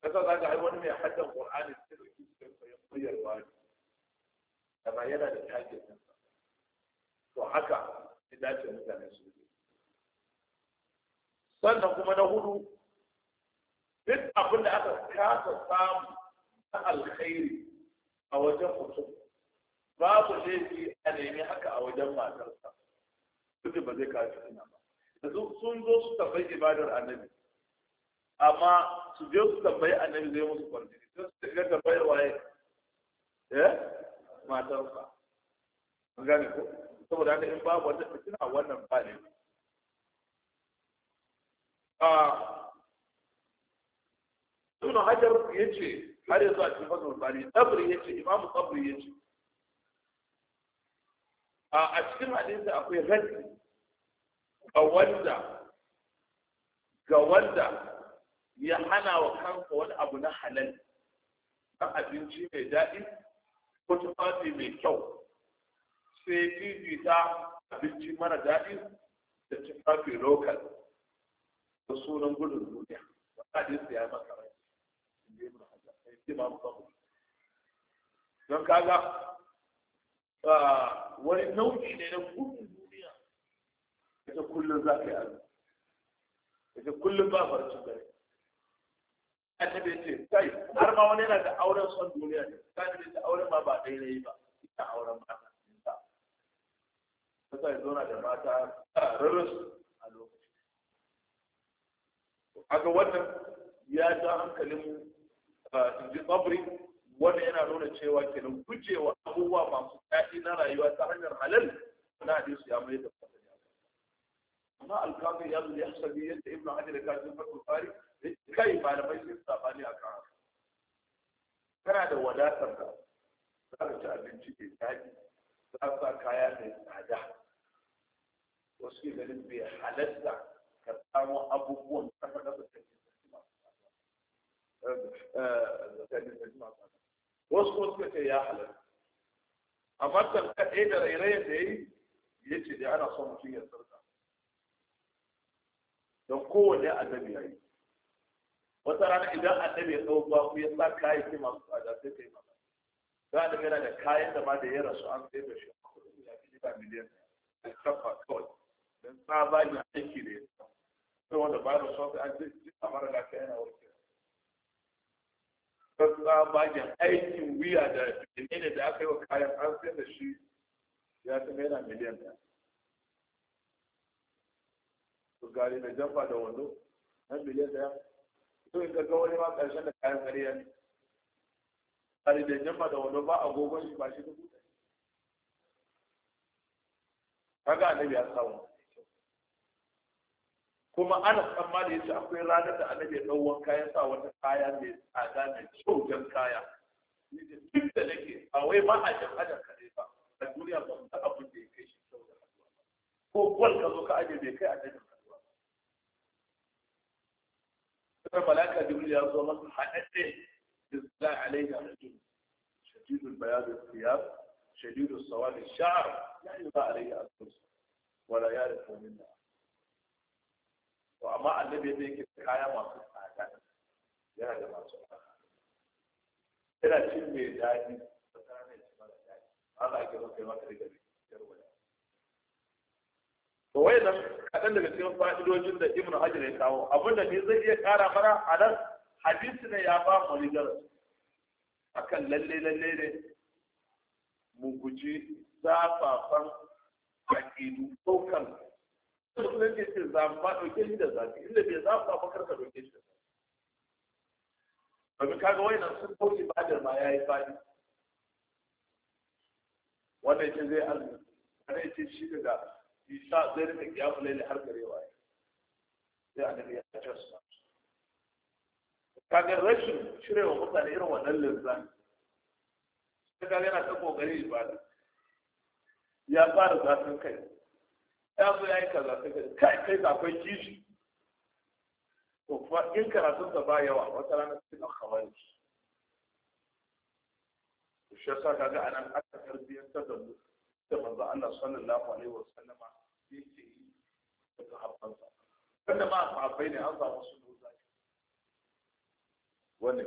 kasa za ka wani mai haddan ƙur'ani cikin da cikin koyon koyarwa ne amma yana da target ɗinsa to haka ya dace mutane su yi sannan kuma na hudu duk abin da aka kasa samu na alkhairi a wajen mutum babu laifi a nemi haka a wajen matarsa duk ba zai kawo fitina ba yanzu sun zo su tambayi ibadar annabi amma su je su tambayi annabi zai musu kwanci sai su ga tambayar waye eh matarsa an gane ko saboda haka in babu wata fitina wannan ba ne a Ibn Hajar yace, har yanzu a cikin fasar Bani, Tsabri ya Imam Tsabri yace. a cikin hadisi akwai raddi ga wanda ga wanda ya hana wa kansa wani abu na halal na abinci mai daɗi ko tufafi mai kyau sai fifita abinci mara daɗi da tufafi lokal da sunan gudun duniya hadisi ya maka rai don kaga wani nau'i ne na gudun duniya ita kullum za ka yi azu ita kullum ba farcin gari annabi ce kai har ma wani yana da auren son duniya ne kai ne da auren ma ba dai ne ba ita auren mata ta sai ya zauna da mata rarrus a lokaci kaga wannan ya ja hankalin mu in ji tsabri wanda yana nuna cewa kenan gujewa abubuwa masu daɗi na rayuwa ta hanyar halal na hadisi ya mai da fasali amma alkafi ya zo ya sabi yadda ibnu hajar ka ji fatul fari kai ba da malamai sun sabani akan haka kana da wadatar da za ka ci abinci mai daɗi za ka sa kaya mai tsada wasu ke ganin bai halatta ka samu abubuwan kasa kasa da ke masu tsada wasu kuma suka ce ya halatta amma tankaɗe da rairayen da ya yi ya ce da ana son mutum ya sarka don kowane annabi ya yi wata rana idan annabi ya ɗau baku ya sa kayan ke masu tsada sai ka yi masa za a yana da kayan da ma da ya rasu an sai da shi a kudin ya fi jika miliyan da kafa kawai don tsaba ne aiki da ya sa sai wanda ba da sauƙi an ji a mara lafiya yana warke tsabagen aikin wuya da ne da aka yi wa kayan an sai da shi ya ta yana miliyan ɗaya su gari da jamfa da wando na miliyan ɗaya to in ga wani ma ƙarshen da kayan ƙarya ne gari da jamfa da wando ba agogon shi ba shi dubu ɗaya kaga annabi ya samu kuma ana tsammani ya ce akwai ranar da annabi ya ɗau wanka sa wata kaya mai tsada mai kyau jan kaya duk da nake a wai ma a jan ajan kaɗai ba a duniya ba ta abin da ya kai shi kyau da ko gwal ka zo ka aje bai kai a ajan haduwa sai malaka jibril ya zo masa haɗaɗɗe da alaihi rajul shadidul bayad al-thiyab shadidul sawad al-sha'r la yuba alayhi al-qurs wala to amma annabi da yake kaya masu tsada yana da masu tsada yana cin mai daɗi tsakanin shi mara daɗi za a gaba kai maka daga yarwa to wai nan kaɗan daga cikin fa'idojin da Ibn Hajar ya kawo abinda ni zai iya ƙara mana a nan hadisi ne ya ba mu rigar akan lalle lalle ne mu guji zafafan aƙidu ɗaukan mutum musulunci ce zafi ɗauke shi da zafi inda bai zafi ba karka ɗauke shi da domin kaga wayannan sun kauce badar ma ya yi fadi wannan ce zai azumi wannan ce shi daga isa zai rika kiyamu laili har gare waye sai annabi ya ce su kaga rashin shirewa mutane irin wannan linzani sai kaga yana ta kokari ibada ya fara zafin kai ya zo ya yi kaza sai ka kai kai da akwai kishi to kuma in karatun sa ba yawa wata rana sai ka kawai shi yasa kaga anan aka tarbiyyantar da mu da manzo Allah sallallahu alaihi wa sallama yake yi da sahabban sa wanda ma sahabbai ne an samu su doza wanda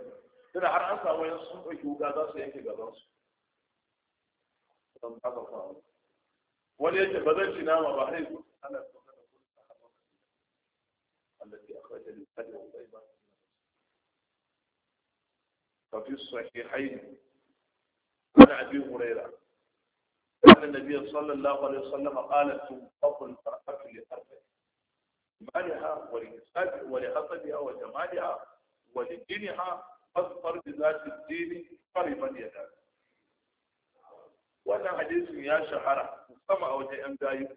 tunda har an samu yan sun ɗauki wuka za su yanke gaban su don ba ba wani yake ba zan ci nama ba har yanzu ana so kana kun ta haɓa allati akhraja lil fajr wa bayba fa fi sahihayn an abi hurayra أن النبي صلى الله عليه وسلم قال تنفق المرأة لأربع مالها ولحسابها ولحسبها وجمالها ولدينها أصفر بذات الدين قريبا يدان وأنا حديث يا شهرة sama a wajen yan gayu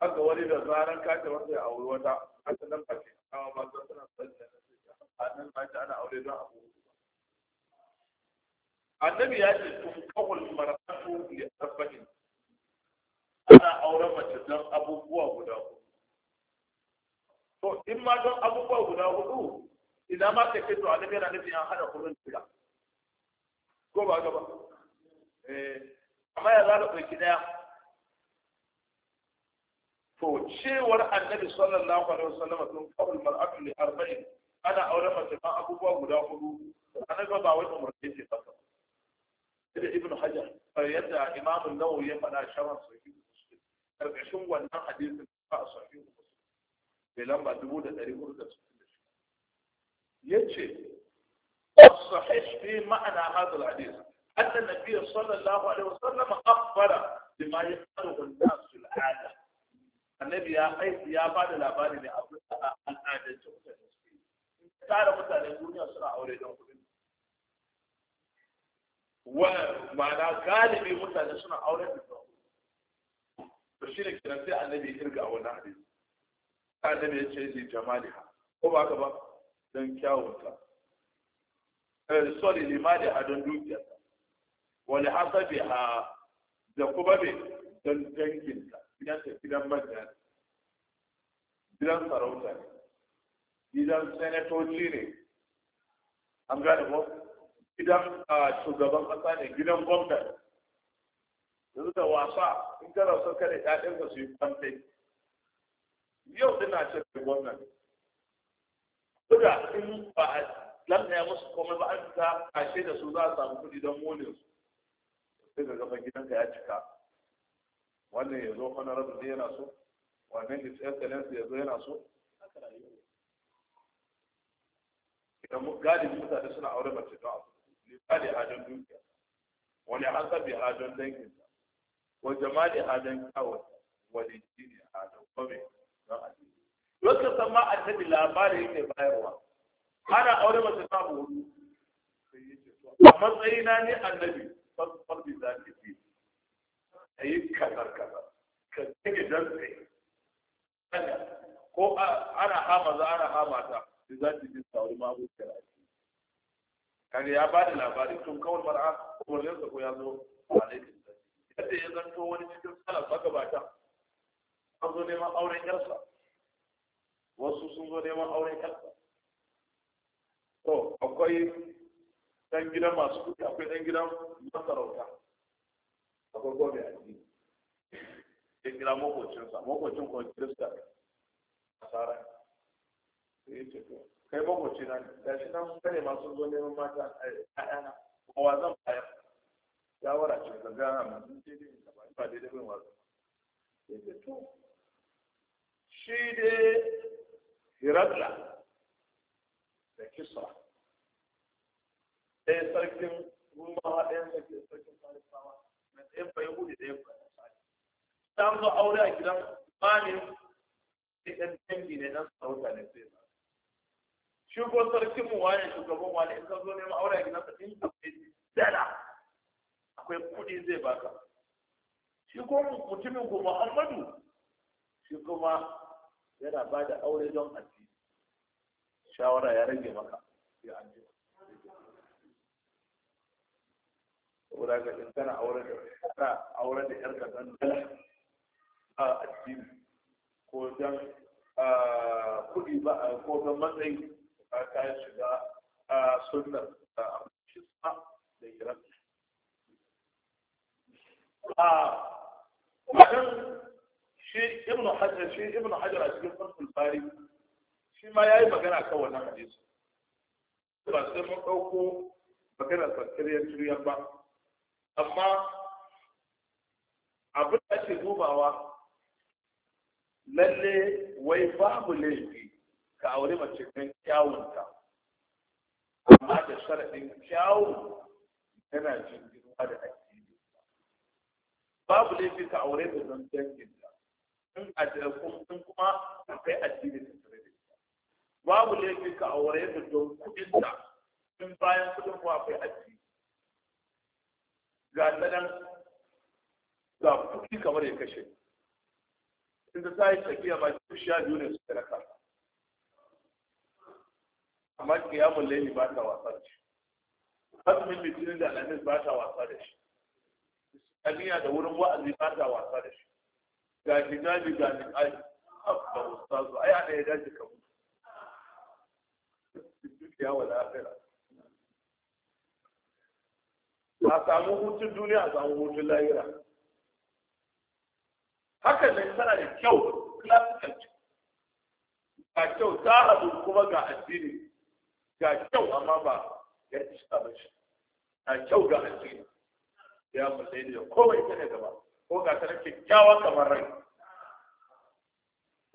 haka wani da zaran kace wanda ya auri wata haka nan ba ke kawo ba su suna sanya a nan ba shi ana aure don abu annabi ya ce tun kawul maratu li arba'in ana auren mace don abubuwa guda hudu to in ma don abubuwa guda hudu ina ma ka ce to annabi yana nufin ya hada kurin tira ko ba gaba eh amma ya zaka ɗauki ɗaya to cewar annabi sallallahu alaihi wasallam sun kawal mar'atu li arba'in ana aure mace ma abubuwa guda hudu annabi ba wai umarni ce ba da ibnu hajar yadda imam an-nawawi ya faɗa shawan sahih muslim karkashin wannan hadisin ba sahih muslim bai lamba 1466 yace as-sahih fi ma'ana hadha al-hadith أن النبي صلى الله عليه وسلم أخبر بما يفعله الناس في العادة النبي يا يا بعد لا بعد من أول العادة تعرف أن الدنيا سرعة ولد ومعنى غالب مثلا سنة أولى بالشرك نسي النبي يرجع ونعدي النبي يجي جمالها هو أكبر دن كاوتا أه، سوري لماذا أدن دوكيا wani hasabi ha da kuma ne don danginta gidan ta gidan manja ne gidan sarauta ne gidan senatoci ne an gane ko gidan shugaban kasa ne gidan gwamna ne yanzu da wasa in kana son kada ƴaƴanka su yi kwantai yau ina ce da gwamna ne Duka in ba a lantaya musu komai ba an ta kashe da su za a samu kuɗi don munin su sai ka gaba gidanka ya cika wannan ya zo rabu zai yana so wannan his excellence ya zo yana so idan galibi mutane suna aure mace don abu misali hajon dukiya wani hasabi hajon danginsa ko jama'i hajon kawai wani jini hajon kome don addini yadda san ma annabi labari yake bayarwa ana aure mace ta abu amma a na ne annabi fasfar da yi kasar kasar ka take dantse ko ana hama za ana hama ta da kaga ya bada labari tun kawai mar'a ah, umarninsa ko ya zo a laifin yadda ya zanto wani cikin salaf magabata an zo neman auren yarsa wasu sun zo neman auren yarsa to akwai Ɗan gidan masu kuɗi akwai ɗan gidan masarauta akwai gobe mai jini ɗan gidan makocinsa makocin kuma kirista asara da ya ce to kai makoci na ga shi nan kare masu zo neman mata eh, a ɗana wa zan bayar wara ce ga gana masu daidai da ba ba daidai bin wasu ya ce to shi dai hirakla da kisra ɗaya sarkin rumawa ɗaya sarkin sarkin farisawa na ɗaya fa yahudi ɗaya fa nasari ta zo aure a gidan malin sai ɗan dangi ne ɗan sarauta ne sai ba shugo sarkin mu wane shugaban wani in ka zo neman aure a gidan sa in akwai dala akwai kuɗi zai baka shi ko mutumin ko muhammadu shi kuma yana ba da aure don addini shawara ya rage maka ya addini saboda ka in aure auren da kana auren da yarka dan a addini ko dan kuɗi ba ko dan matsayi ka kayan shiga sunnar shi sa da kiran a shi ibn hajar shi Ibnu hajar a cikin farkul bari shi ma yayi magana kan wannan hadisi ba sai mun dauko magana tsakiriyar juriya ba amma abin da ake dubawa lalle wai babu laifi ka aure mace don kyawunta amma da sharaɗin kyawun yana jin girma da addini babu laifi ka aure da don ta in sun kuma akwai addini ta tare da ita babu laifi ka aure da don kuɗinta in bayan kuɗin ko akwai addini ga tsanan ga kuki kamar ya kashe inda ta yi tafiya ba su sha biyu ne su taraka amma mulle ni ba ta wasa da shi azumin litinin da alhamis ba ta wasa da shi islamiyya da wurin wa'azi ba ta wasa da shi ga hijabi ga ni'ai abba ustazu ai ana ya dace ka mutu ya wala akhirah a samu hutun duniya a samu hutun lahira haka nan tana da kyau classical ga kyau ta haɗu kuma ga addini ga kyau amma ba ya ci ba shi ga kyau ga addini ya mutsayi da komai ta ne gaba ko ga tana kyakkyawa kamar rai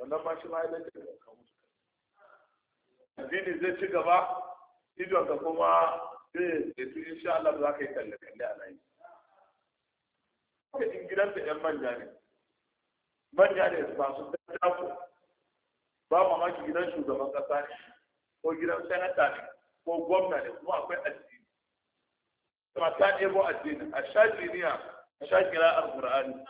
wannan ma shi ma ya dace da kamusu addini zai ci gaba idon ka kuma da eh, su insha Allah za ka yi kalli-kalli a layi. Haka in gidan da ‘yan manja ne, manja ne masu ba su dafu, ba mamaki gidan shugaban ƙasa ne, ko gidan sanata ne, ko gwamna ne, kuma akwai addini. Kuma ta ɗebo addini, a sha jiniya, a sha kira al-Qur'ani.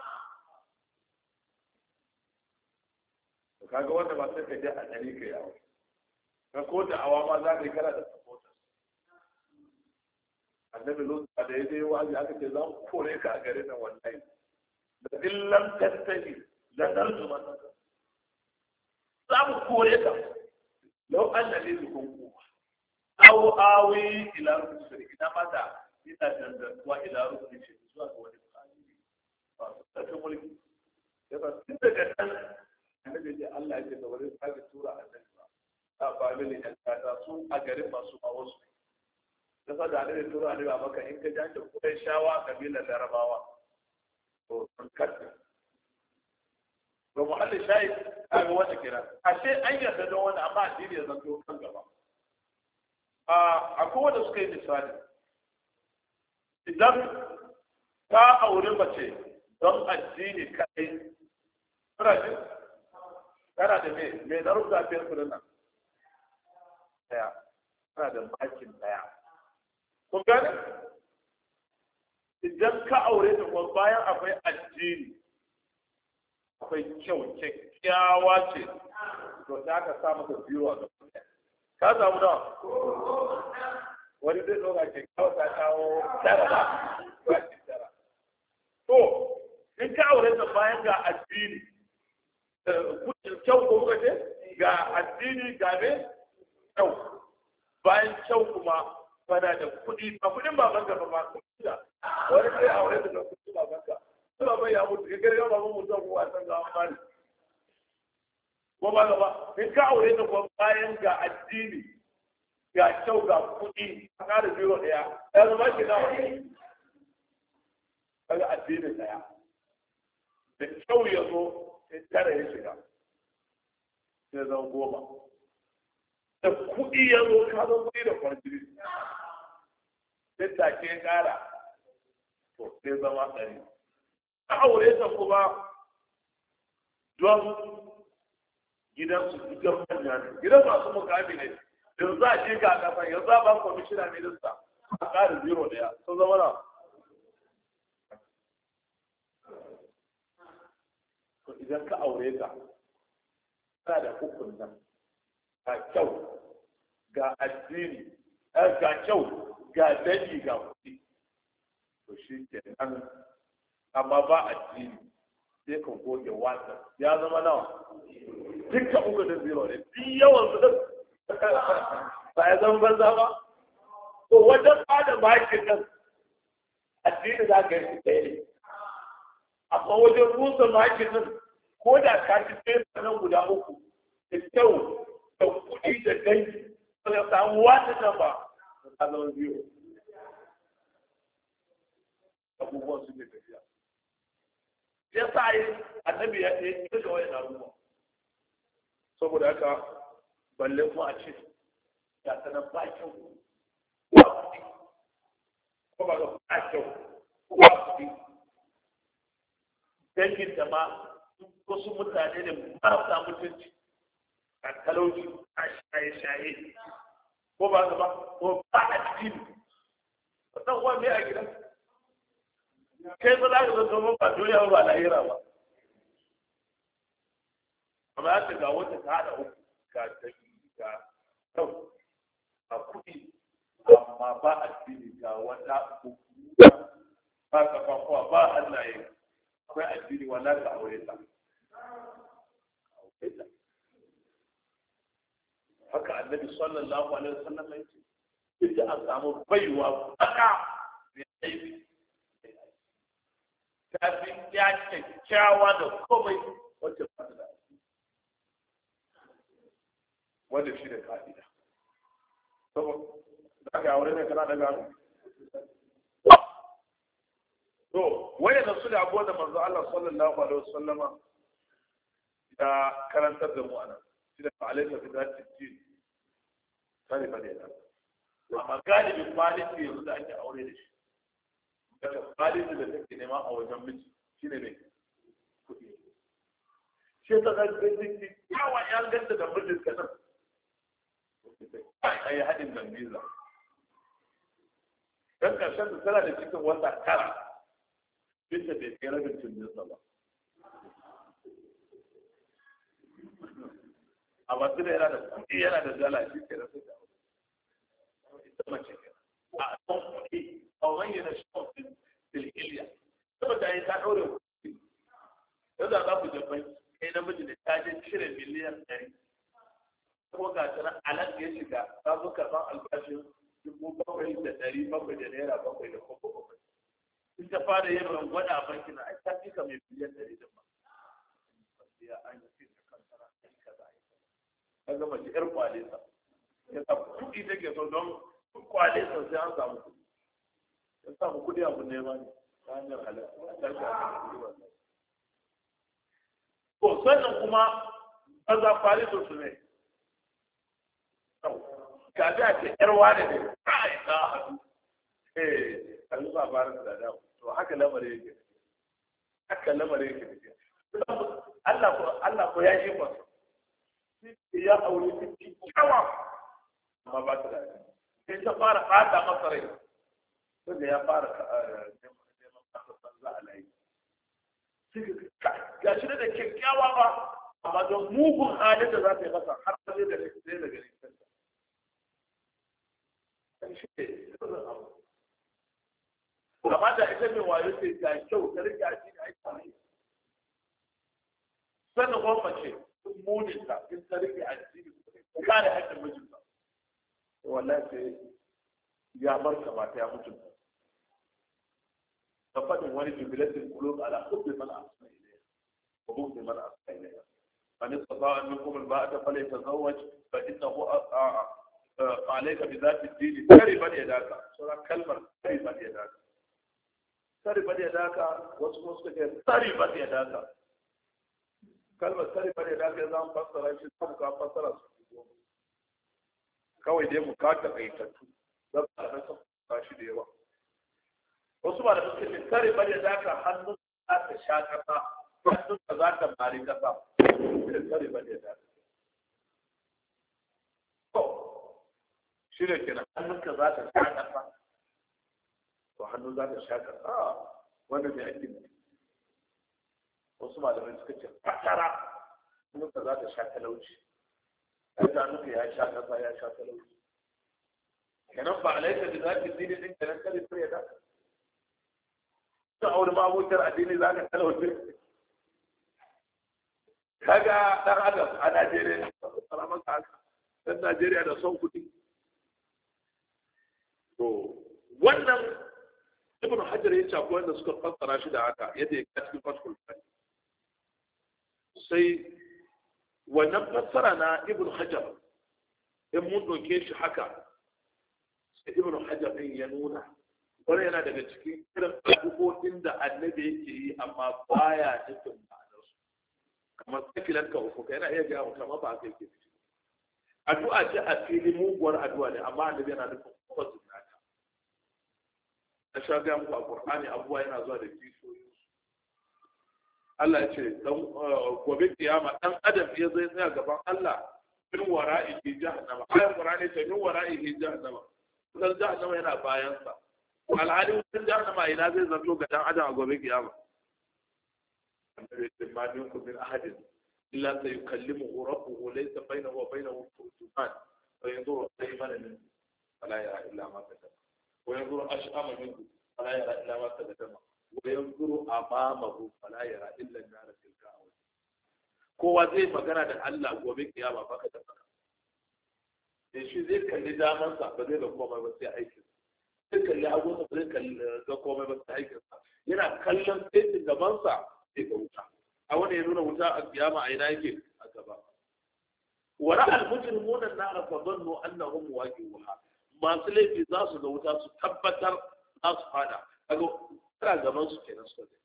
Kaga wanda ba sai ka je a ɗari ka yawo. Ka ko da awa ma za ka yi kana da annabi lutsa da ya je wa'azi aka ce za mu kore ka a gare nan wallahi da illan tattahi da narzuman za mu kore ka lau an da lizu kunku au awi ila rusul ina mata ina dangantuwa ila rusul shi zuwa ga wani tsari ba su tafi mulki ya ba su daga nan annabi ya Allah ya ce da wani tsari tura annabi ba ba ne ne ta su a garin masu ba wasu kasa da annabi turo annabi abaka in ka jace kurai shawa kabilar larabawa to sun kaɗa to muhallin shayi kaga wata kira ce an yarda don wani amma addini ya zanto kan gaba A wanda suka yi misali idan ta aure mace don addini kaɗai kana jin kana da me me na rubuta biyar kudin nan daya kana da makin ɗaya. kun gane idan ka aure ta kuma bayan akwai addini akwai kyau kyakkyawa ce to da ka sa maka biyu a gaba ka samu da wani zai ɗora kyakkyawa ta kawo tara ba to in ka aure ta bayan ga addini kyau ko kuka ce ga addini ga kyau bayan kyau kuma bana da kuɗi ba kuɗin baban ka ba ma kuɗi wani sai aure da kuɗin baban ka sai baban ya mutu ka gari baban mutuwa ko wasan gawan mali ko ba ba in ka aure da ko bayan ga addini ga kyau ga kuɗi a ƙara biro ɗaya ya zama shi na wani kaga addinin ɗaya da kyau ya zo sai tara ya shiga sai zan goma da kuɗi ya zo ka zo kuɗi da kwarjiri sai take ya ƙara to sai zama ɗari a aure ta kuma don gidansu gidan manya ne gidan masu mukami ne yanzu za a ce ga kasan ya za a ba kwamishina minista a ƙara zero ɗaya sun zama na to idan ka aure ka tana da hukunta ka kyau ga addini Eh, ga kyau ga dadi ga kuɗi to shi ke nan amma ba addini sai ka goge wata ya zama nawa dukkan uku da zero ne duk yawan su ba ya zama banza ba to wajen ba da bakin nan addini za ka yi ɗaya ne amma wajen rusa bakin nan ko da ka ci sai nan guda uku da kyau da kuɗi da dangi ba ka samu wata nan ba ta zama biyu abubuwan su ne tafiya ya sa yi annabi ya ce ita da wayan abubuwa saboda haka balle kuma a ce ya sanar ba kyau ko ba kuɗi ko ba ga ba kyau ko ba kuɗi dangin da ma wasu mutane ne marasa mutunci a talauci a shaye-shaye ko ba ba ko ba a cikin dan uwa me a gida kai ba za ka zama ba duniya ba lahira ba amma ta ga wata ta hada uku ga tafi ga kyau a kuɗi amma ba a cikin ga wata uku ba ka kwakwa ba Allah ya akwai addini wala ka aure ta aure ta haka annabi sallallahu alaihi wasallam ya ce duk da an samu baiwa baka mai ta fi ya kyakkyawa da komai wacce ba da wanda shi da ka'ida saboda za ka aure ne kana da gano to waye da su da abuwa da manzo Allah sallallahu alaihi wasallama da karantar da mu anan shi da alaika bi zati sani ba ne da amma galibin kwaliti yanzu da ake aure da shi daga kwaliti da take nema a wajen miji shi ne mai kuɗi shi ta zai gaji ki yawa ya ganta da mijin ka nan a yi haɗin gangiza don ƙarshen da tana da cikin wata kara bisa bai kai rabin cin jinsa ba a masu da yana da kuɗi yana da dala shi ke da sai da ita mace ke a kan kuɗi a wani yana shafin tilkiliya saboda ya ta ɗaure kuɗi yau da za ku jafai kai namiji da ta je cire miliyan ɗari ko ga tana alan ya shiga ta zo karɓar albashin dubu bakwai da ɗari bakwai da naira bakwai da kuma bakwai in ta fara yin rangwada a bankin a ta fika mai miliyan ɗari da ka ga mace ƴar kwalesa ya sa kuɗi take so don kwalesa sai an samu kuɗi ya samu kuɗi abu ne ba ne ta hanyar halatta to sannan kuma maza kwalesa su ne kaji a ce ƴar wane ne yi ta haɗu eh kalli labarin da da to haka lamarin yake haka lamarin yake Allah ko Allah ko ya yi kwasa sai ya aure fifty kyawa amma ba ta da sai ta fara fata masa rai sai ya fara eh, neman masa banza a layi ga shi da kyakkyawa ba amma don mugun halin da za ta yi masa har ta zai da zai da gari amma da ita mai wayo sai ta kyau ta rike a cikin aiki sannan kuma mace sun mone ta in ta rike addini su kare haƙƙin mijinta to wallahi sai ya barka ba ta ya mutunta ta faɗin wani jubilatin kulub ala hubbi man asma ilayya wa hubbi man asma ilayya fa nistata'a minkum al-ba'ata falyatazawwaj fa innahu a'a عليك بذات الدين تربا يداك سورة daka, wasu يداك تربا يداك وسوسك تربا daka. kalmar sarifa ne da kai zan fassara shi za mu ka fassara su kawai dai mu ka takaitattu za mu ka fassara shi da yawa wasu ba da suke ce sarifa ne da ka hannun za ta sha kasa hannun ka za ta mari kasa sarifa ne da ka shi ne kenan hannun ka za ta sha kasa to hannun za ta sha kasa wannan ne ake nufi wasu malamai suka ce fatara nuka za ta sha talauci ta nuka ya sha kasa ya sha talauci kenan ba alaika da zaki dini din kenan kare sai ya da ta aure ma abotar addini zaka talauci kaga dan adam a Najeriya salaman ka haka dan Najeriya da son kuɗi to wannan ibn hajar ya ce akwai wanda suka fassara shi da haka yadda ya cikin fasul bari sai wannan fassara na ibn hajar in mun doke shi haka sai ibn hajar din ya nuna wani yana daga cikin irin abubuwan da annabi yake yi amma baya cikin ma'anar su kamar tsakilar ka hukuka yana iya gaya mutum amma ba kai ke ciki addu'a ce a fili muguwar addu'a ne amma annabi yana nufin kuma zunata a sha gaya muku a Kur'ani, abubuwa yana zuwa da kisoyi Allah ce dan eh, gobe kiyama dan adam ya zai tsaya gaban Allah min wara'ihi jahannama ayar qur'ani ce min wara'ihi jahannama dan jahannama yana bayan sa alhali wutan jahannama ina zai zanto ga dan adam a gobe kiyama annabi ce ma min ku min ahadin illa sayukallimuhu rabbuhu laysa bainahu wa bainahu turjuman fa yanzuru aymana min fala yara illa ma kadama wa yanzuru ash'ama minkum fala yara illa ma kadama wayanzuru amamahu fala yara illa an-nar tilka kowa zai magana da Allah gobe kiyama ba ka baka sai shi zai kalli daman sa ba zai ga komai ba sai aikin zai kalli hagu ba zai kalli ga komai ba sai aikin sa yana kallon sai gaban sa sai ga wuta a wani ya nuna wuta a kiyama a ina yake a gaba ورأى المجرمون النار فظنوا Masu laifi za su ga wuta su tabbatar za su أقول tana gaban su kenan suka ga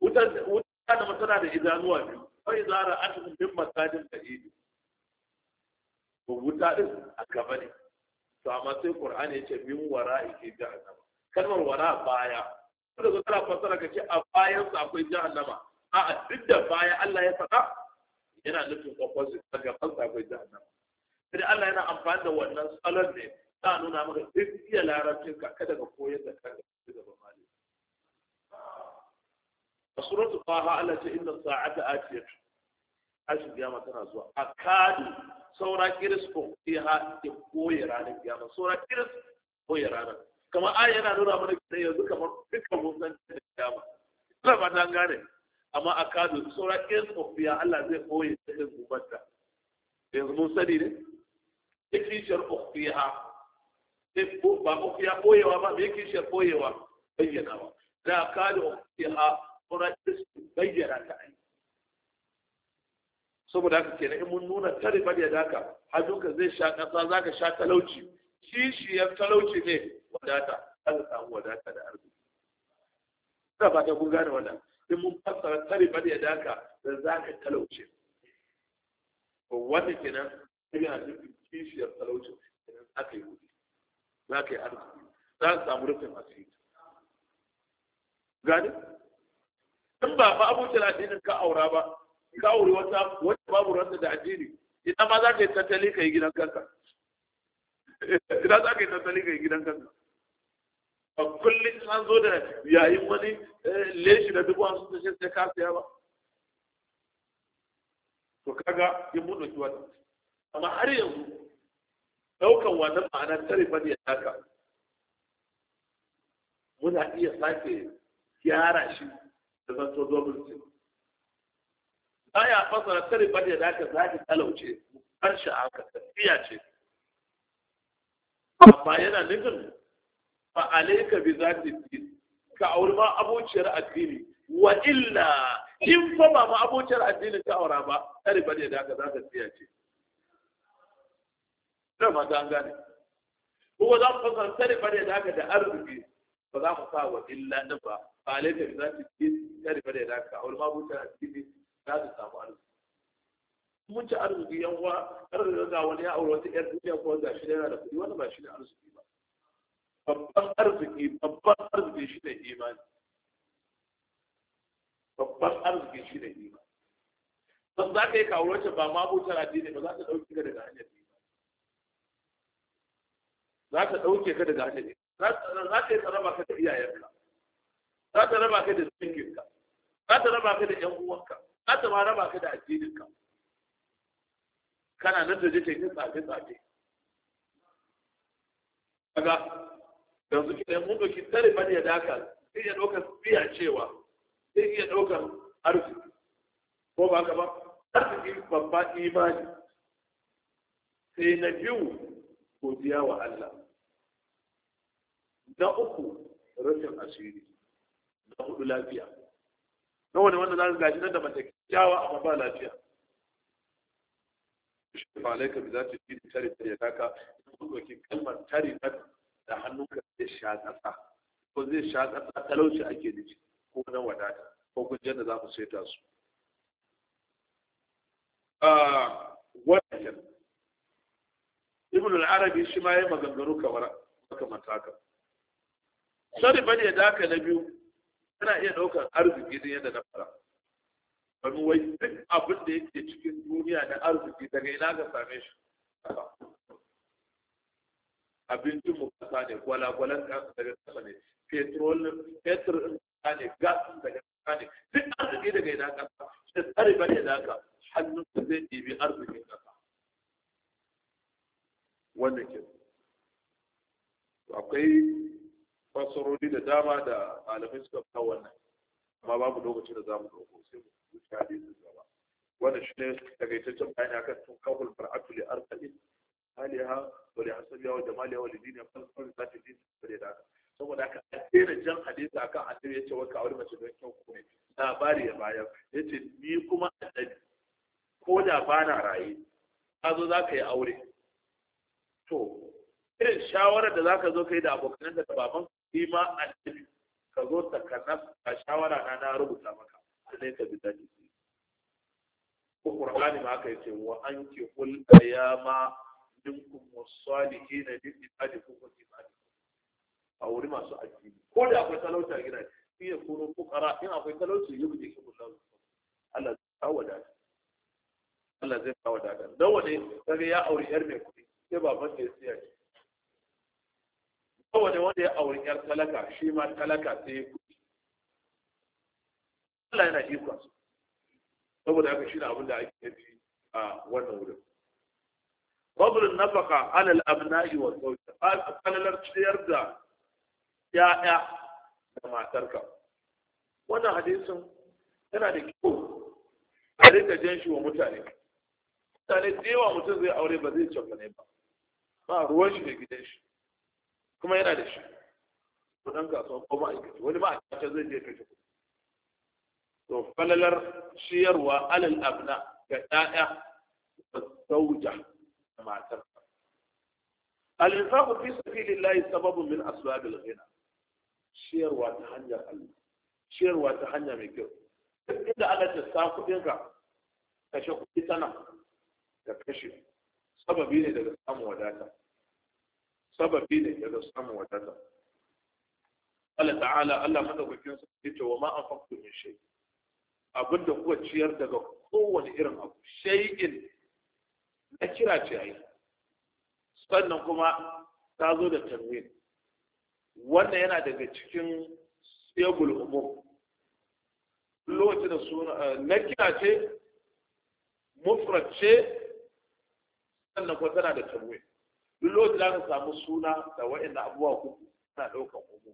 wutar wuta da tana da idanuwa biyu kai zara atun bin masajin da ido to wuta din a gaba ne to amma sai qur'ani ya ce min wara'i ke jahannama kalmar wara baya kada da tana fasara ka ce a bayan sa akwai jahannama a duk da baya Allah ya faɗa yana nufin opposite daga kansa akwai jahannama sai Allah yana amfani da wannan salon ne za a nuna maka duk iya larabcin ka kada ka koyar da kanka da gaban malami a suratul faha Allah ce inna sa'ata atiyat ashin kiyama tana zuwa a akadu saura kiris ko fiha ya koyi ranar kiyama saura kiris koyi ranar kamar a yana nuna mana gida yanzu kamar dukkan mun san da kiyama ina ba ta gane amma akadu saura kiris ko fiha Allah zai koyi da gubarta yanzu mun sani ne ikishar ukhfiha sai ba uku ya boyewa ba me yake shi boyewa bayyanawa la kadu ukhtiha qura bayyana ta ai saboda haka kenan in mun nuna tare ba da daka, hajjunka zai sha kasa ka sha talauci kishiyar talauci ne wadata za ka samu wadata da arziki da ba ta kun gane wannan in mun fassara tare ba da daka, da za ka talauci wanda kenan yana nufin kishiyar talauci kenan aka yi za ka yi arziki za ka samu rufin asiri gani in ba ba abokin addinin ka aura ba ka aure wata wata babu ranta da addini Idan ma za ka yi tattali ka yi gidan kanka Idan za ka yi tattali ka yi gidan kanka a kullum an zo da yayin wani eh, leshi da dubu hamsin da shi sai ka siya ba to kaga in mun ɗauki wata amma har yanzu daukan wannan ma'ana tare ba ne haka muna iya sake gyara shi da zanto domin sin baya fasara tare ba ne haka za ki talauce harshe haka tafiya ce amma yana nufin fa alayka bi zati fi ka auri ma abociyar addini wa illa in fa ba ma abociyar addinin ka aura ba tare ba ne haka za ka tafiya ce da ma an gane kuma za mu kasance da fare da haka da arziki ba za mu sa wa illa na ba ba da za su ci tare fare da haka wani ma buta arziki za su samu arziki mun ci arziki yan uwa arziki ga wani ya aure wata yar duniya ko ga shi yana da kuɗi wani ba shi da arziki ba babban arziki babban arziki shi da imani babban arziki shi ne imani don za ka yi kawo wacce ba ma buta ne ba za ka ɗauki ga daga hanyar imani za ta ɗauke ka daga hadari za ta yi raba ka da iyayenka za ta raba ka da danginka za ta raba ka da ƴan uwanka za ta ma raba ka da addininka kana nan da jike yin tsafe tsafe kaga su ke mun doki tare bane ya daka sai ya ɗaukar biya cewa sai ya ɗaukar arziki ko ba ka ba arziki babba imani sai na biyu godiya wa Allah na uku rashin asiri na hudu lafiya na wani wanda zaka gaji nan da mata kyawa amma ba lafiya shi ba alaika bi ta din tare tare kaka doki kalmar tare da hannunka zai sha kasa ko zai sha kasa talauci ake da shi, ko na wadata ko kun da za mu saita su ah, wannan ibn al-arabi shi ma ya maganganu kamar haka mataka Sari bane ya daka na biyu yana iya ɗaukar arziki din yadda na fara Wani wai duk abin da yake cikin duniya na arziki daga ina ga same shi abincin mu kasa ne gwalagwalan kasa daga kasa ne petrol petrol din kasa ne gas daga kasa ne duk arziki daga ina kasa shi bane ya daka hannun da zai ɗibi arzikin kasa wannan ke akwai fasarori da dama da malamai suka fita wannan amma babu lokacin da zamu dauko sai mu wuce hadisin gaba wannan shi ne takaitaccen bayani akan tun kawul far'atu li arba'in aliha wa li hasabiha wa jini wa li diniha falsafatu zati din sai da saboda haka a tsere jan hadisi akan ya yace wa ka mace mai kyau ko ne labari ya bayar ce ni kuma annabi ko da ba na raye ka zo za ka yi aure to irin shawarar da za ka zo ka yi da abokanan da baban shi ma annabi ka zo ta kana a shawara na na rubuta maka ne ka bi dadi ko qur'ani ma aka ce wa anki qul ayama minkum was-salihina bi ibadikum wa ne. a wuri masu addini ko da akwai talauta gida shi ya kuro ƙara in akwai talauci yubdi shi kullu Allah da wadata Allah zai kawo daga don wani kaga ya auri yar mai kuɗi sai baban da ya siya shi saboda wanda ya auri yar talaka shi ma talaka sai ya kuɗi Allah yana iko saboda haka shi ne abin da ake yi a wannan wurin fadlun nafaka alal abna'i wa zawji alalar ciyar da ya'ya da matarka wannan hadisin yana da kyau a rika jan shi wa mutane mutane da yawa mutum zai aure ba zai ne ba ba ruwan shi da gidan shi kuma yana da shi kudan kasuwa ko ma'aikaci wani ma'aikaci zai je kashe kuɗi to falalar ciyarwa alal abna ga ɗaya da zauja da matar al-infaqu fi sabilillahi sababun min asbabil ghina Shiyarwa ta hanyar Allah ciyarwa ta hanya mai kyau inda Allah ta sa kuɗinka kashe kuɗi tana ka kashe sababi ne daga samun wadata sababi ne ya zasu samun wadata Allah ta'ala Allah madaukakin sa yace wa ma anfaqtu min shay abinda kuka ciyar daga kowane irin abu shay'in na kira ce ai sannan kuma ta zo da tanwin wannan yana daga cikin siyagul umum lokacin da suna eh, na kira ce mufrad ce sannan kuma tana da tanwin duk lokacin da ka samu suna da wa'annan abubuwa ku na ɗaukan umu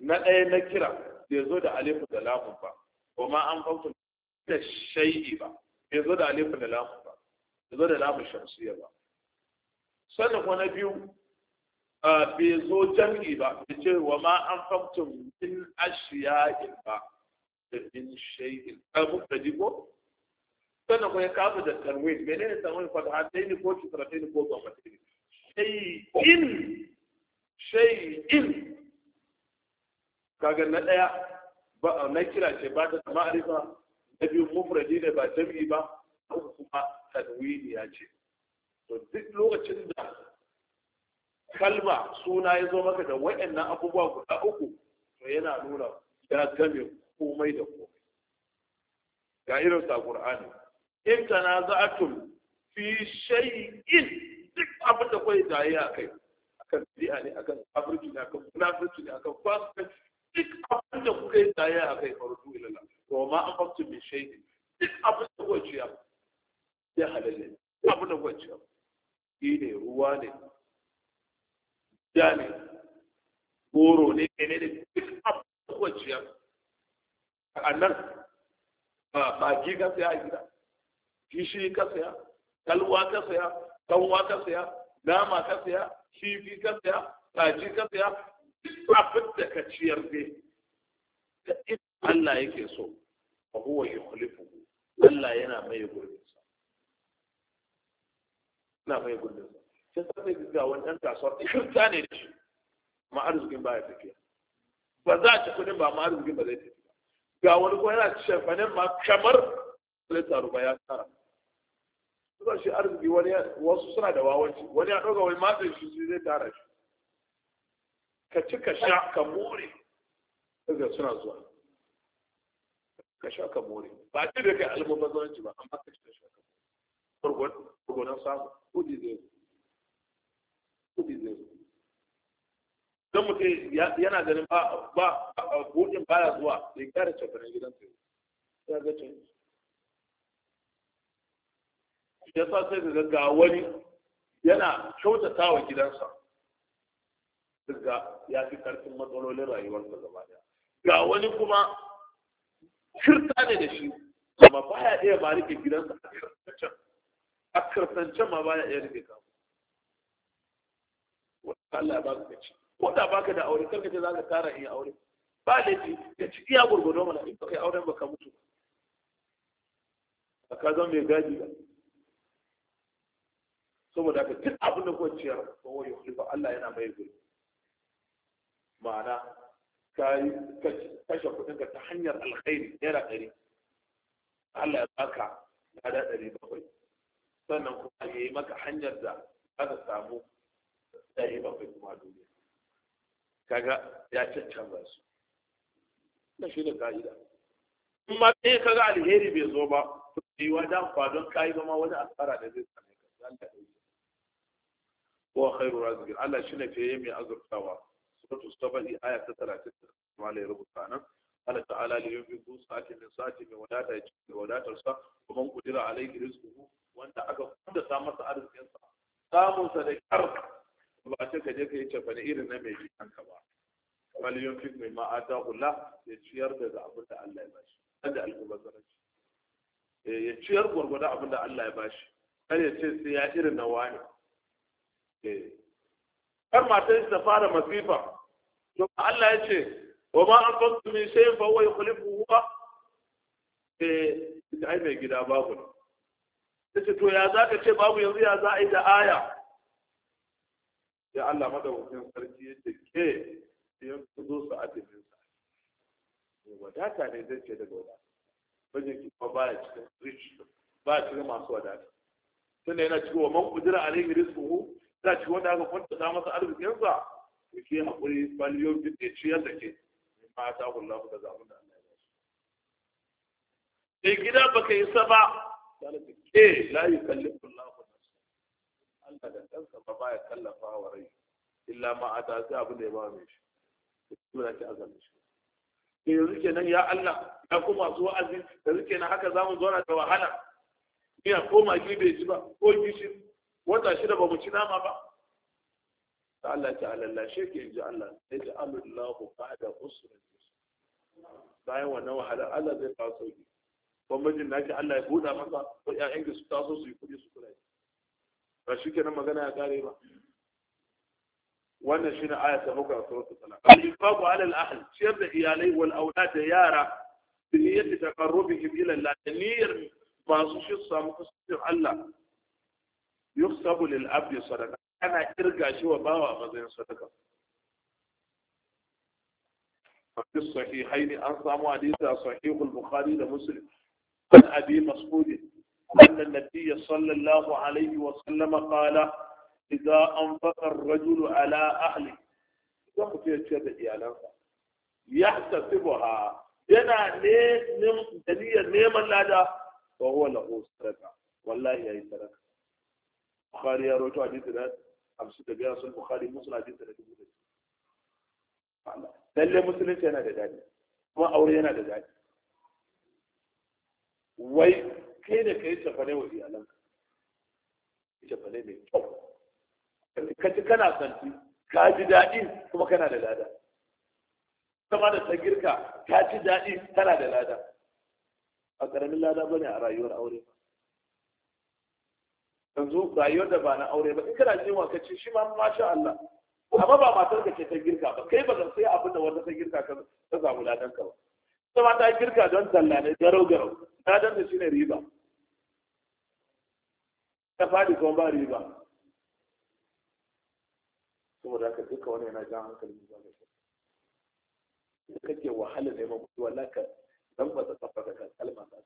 na ɗaya na kira bai zo da alifu da lamun ba kuma ma an fautu da shayi ba bai zo da alifu da lamun ba bai zo da lamun shamsiyya ba sannan kuma na biyu bai zo jami'i ba bai ce wa ma an fautu min ashiya'in ba da min shai'in ɗan muka ji sannan kuma ya kafa da tarwin menene tarwin da dai ne ko kisratai ne ko gwamnati ne shay'in in kaga na ɗaya ba na kira ce ba ta ma'arifa na biyu mufradi ne ba jami'i ba ko kuma tanwini ya ce to duk lokacin da kalma suna ya zo maka da waɗannan abubuwa guda uku to yana nuna ya game komai da komai ga irin sa qur'ani in tun fi shay'in duk abin da kai jaye a kai akan bid'a ne akan afirki ne akan munafirci ne akan kwasa duk abin da kuka yi jaye a kai farzu ilallah wa ma anfaqtum min shay'in duk abin da kuka ciya ya halalle abin da kuka ciya ne ruwa ne ja ne goro ne ne ne duk abin da kuka ciya a nan ba gigas sai a gida gishiri ka saya kalwa ka saya kanwa ka saya nama ka saya kifi ka saya kaji ka saya duk abin da ka ciyar dai ta Allah yake so fa huwa yukhlifuhu Allah yana mai gurbin sa na mai gurbin sa sai sai ga ga wannan kasuwar kirta ne da shi ma arzikin baya tafiya ba za a ci kudin ba ma arzikin ba zai tafi ga wani ko yana cefanen ma kamar zai taro ba ya tsara suka shi arziki wani wasu suna da wawanci wani ya ɗauka wani matsayin shi shi zai tara shi ka ci ka sha ka more daga suna zuwa ka sha ka more ba ce da kai almubazzaranci ba amma ka ci ka sha ka more gurgunan samu kudi zai zo kudi zai zo don mutum yana ganin ba buɗin baya zuwa ya gyara cafanin gidan sai ya ga canji ya sa sai ka ga wani yana kyautata wa gidansa ga ya fi karfin matsalolin rayuwarsa gaba daya ga wani kuma shirta ne da shi amma baya iya ba rike gidansa a kirtancen a kirtancen ma baya iya rike kamu wata Allah ya ka ci ko da baka da aure karka ce za ka tara in aure ba ci ya ci iya gurgudo mana in ka kai auren ba ka mutu ba ka zama mai gadi ba saboda ka duk abin da kuwa ciyar kowa ya kulifa Allah yana mai zuri ma'ana ka yi kashe ka ta hanyar alkhairi naira ɗari Allah ya baka lada ɗari bakwai sannan kuma ya yi maka hanyar da za ka samu ɗari bakwai kuma duniya kaga ya cancanza su na shi da ka'ida in ma ɗaya kaga alheri bai zo ba to yi dan kwadon kayi zama wani asara da zai same ka Allah ya huwa khairu raziqin Allah shine fiye mai azurtawa suratu sabani aya ta 30 kuma ne rubuta nan Allah ta'ala li yubidu sa'atin min sa'atin min wadata ya cikin wadatar sa kuma kudira alayhi rizquhu wanda aka kuda sa masa arzikin sa samun sa da kyar ba ce ka ka yi cefa irin na mai jikin ba wal yunfiq mimma ataahu Allah ya ciyar da abin da Allah ya bashi kada eh, ya ciyar abin da Allah ya bashi ce sai ya irin na wani Eh. kar matar su ta fara masifa to Allah ya ce wa ma an fasu min shay'in fa huwa yukhlifu huwa eh ai mai gida babu ne to ya zaka ce babu yanzu ya za a yi da aya ya Allah madaukakin sarki yace ke yan zo su adinin sa wadata ne zai ce daga wadata bajin ki kuma baya cikin rich ba cikin masu wadata tunda yana cikin wa man kudira alaihi rizquhu za ci wanda aka kwanta masa arzikinsa to ke haƙuri baliyon duk da ciyar da ke ma ta kula ku da zamun da Allah ya ba gida ba ka yi sa ba, eh la yi kallin kula ku da su. Allah da kansa ba ba ya kallafa wa rai, illa ma a ta sai abin da ya ba mai shi. Kuma ki azalin shi. Ke yanzu nan ya Allah, ya kuma zuwa azin, yanzu na haka za mu zauna da wahala. Ina koma gibe ji ba, ko gishin wata shida ba mu ci nama ba ta Allah ta alalla shi ke ji Allah sai ta alullahu ba'da usrin bayan wannan wahala Allah zai kawo sauki gwamnatin na ce Allah ya buɗa masa ko ƴaƴan su taso su yi kuɗi su kula ba shi kenan magana ya kare ba wannan shine aya ta bakwai a suratul talaq al-infaqu 'ala al-ahl ciyar da iyalai wal aulad da yara bi niyyati taqarrubihim ila Allah niyyar masu shi su samu kusurin Allah يكسب للأبي صدقة أنا إرجع شو باوى مزين صدقة في الصحيحين أنظم حديث صحيح البخاري لمسلم عن أبي مسعود أن النبي صلى الله عليه وسلم قال إذا أنفق الرجل على أهله وقت يتشد إعلانها يحتسبها جنا نيم دليل نيم الله فهو له صدقة والله هي صدقة bukhari ya roto hadisi da hamsin da biyar sun bukhari musul hadisi da dubu da lalle musulunci yana da daɗi kuma aure yana da daɗi wai kai da kai tafane wa iyalanka tafane mai kyau ka ci kana santi ka ji daɗi kuma kana da lada sama da ta girka ka ci daɗi kana da lada a ƙaramin lada ba ne a rayuwar aure ba yanzu rayuwar da ba na aure ba in kana jin wa kace shi ma masha Allah amma ba matar da ke ta girka ba kai ba zan sai abin da wanda ta girka ka ta samu ladan ka ba ita ma ta girka don talla ne garau garau ladan da shine riba ta fadi kuma ba riba saboda haka duka wani yana jan hankali zuwa ga kake wahala neman kuɗi wallahi ka zamba ta tsafa da kalma ta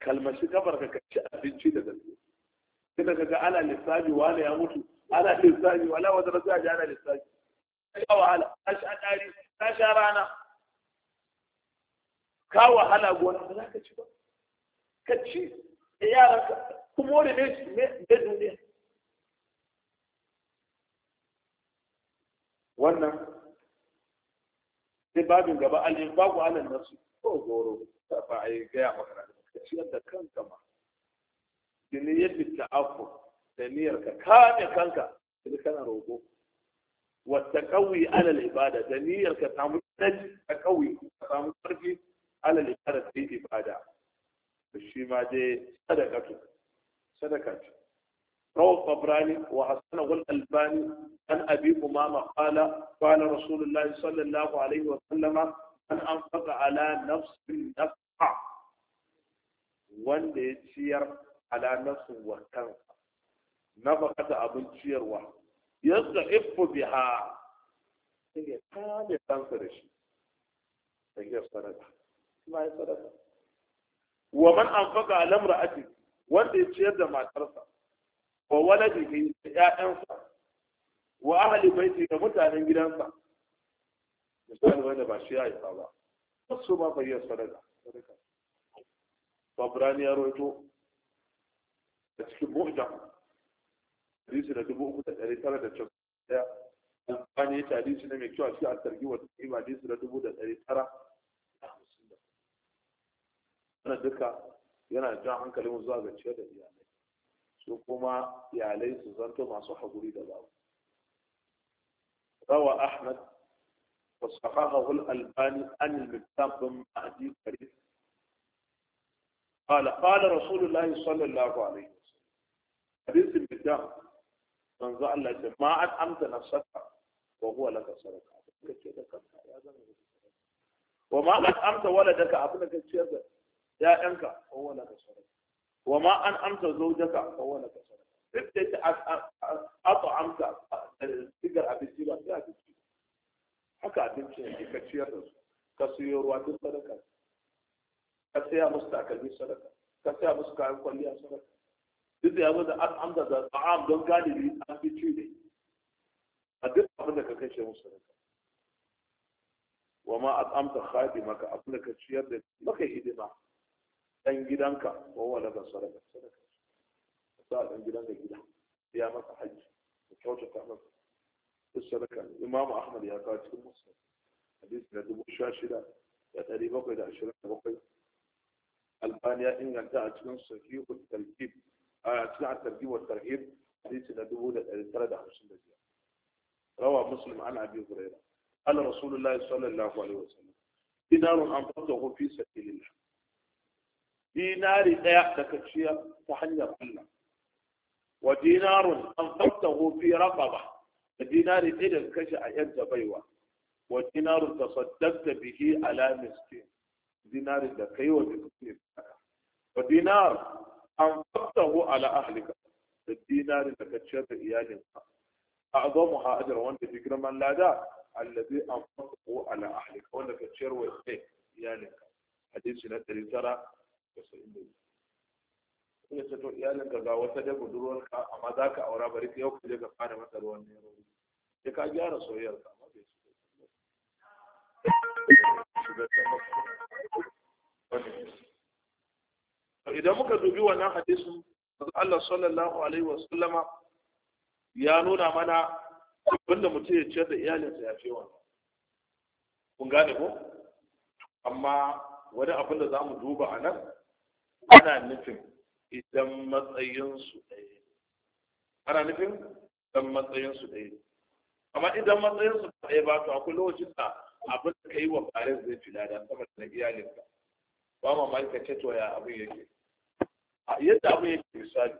kalmashi kafar ka kaci abinci da gaske sai daga ga ana lissafi wani ya mutu ana lissafi wala wata rasu aji ana lissafi ka wahala ka sha ɗari ka sha rana ka wahala gona ba za ka ci ba ka ci da yaran ka kuma wani ne da duniya wannan sai babin gaba alin babu alin nasu ko goro ba a yi gaya maka ka ciyar da kanka ma dini yadda ta'affu da niyyar ka kame kanka idan kana rogo wa taqawi ala al-ibada da niyyar ka samu tsaji taqawi ka samu karfi ala al-ibada sai ibada shi ma dai sadaka ce sadaka ce روى الطبراني وحسنه الألباني عن أبي أمامة قال قال رسول الله صلى الله عليه وسلم من أنفق على نفس wanda ya ciyar ala nafsin wa kansa nafaka da abin ciyarwa yadda ifu biha sai ya kame kansa da shi sai ya sadaka kuma ya sadaka wa man anfaqa ala imra'ati wanda ya ciyar da matarsa wa waladihi da ƴaƴansa wa ahli baiti da mutanen gidansa misali wanda ba shi ya isa ba su ma bayyana sadaka sadaka فبراني أرويتو أتكي محجم حديثنا دبوء كتا أريتارة تشبه أمباني إيتا حديثنا ميكيو أشياء الترقي والتقيم حديثنا دبوء كتا أريتارة أنا دكا ينا جاء عنك لمزاقة شهد يعني سوكما يعلي سزنتو مع صحة قريدة باو روى أحمد وصفاقه الألباني أن المبتاق بمعدي كريم qala qala rasulullahi ya zama ba ka saya musu takalmi sadaka ka saya musu kayan kwalliya sadaka duk da yawon da an amsa da ta'am don galibi an fi ci ne a duk abin da ka kashe musu sadaka wa ma an amsa haɗi maka abin da ka ciyar da maka hidima ɗan gidanka ko wala ba sadaka sadaka sa ɗan gidanka gida ya masa hajji da kyautata masa duk sadaka ne imamu ahmad ya kawo cikin musulun hadisi na dubu sha shida da ɗari bakwai da ashirin da bakwai albani ya inganta a cikin sahihul tarhib a cikin at-tarhib wa tarhib hadisi na biyar. rawa muslim an abi huraira qala rasulullahi sallallahu alaihi wa wasallam dinarun anfaqahu fi sabilillah dinari daya daga ciya ta hanyar Allah wa dinarun anfaqahu fi Rababa, da dinari ɗaya da kashe a yadda baiwa wa dinarun tasaddaqta bihi ala miskin dinarin da kai wa miskin wa dinar an fatahu ala ahlika da dinarin da ka ciyar da iyalinka a azamu ha ajar wanda fi girman lada allazi an fatahu ala ahlika wanda ka ciyar wa iyalinka hadisi na 992 ya ce to iyalinka ga wata da budurwarka amma za ka aura bari ka yau ka je ka fara masa ruwan nero sai ka gyara soyayyarka idan muka dubi wannan hadisun Allah sallallahu alaihi wa sallama ya nuna mana abinda mutum ya ciyar da iyalinsa ya fi wa kun gane ko amma wani abin da za mu duba a nan ana nufin idan matsayinsu ɗaya ana nufin idan matsayinsu ɗaya amma idan matsayinsu ɗaya ba to akwai lokacin da abin da kai wa farin zai fi lada sama da iyalinka ba ma malika ce to ya abin yake a yadda abin yake misali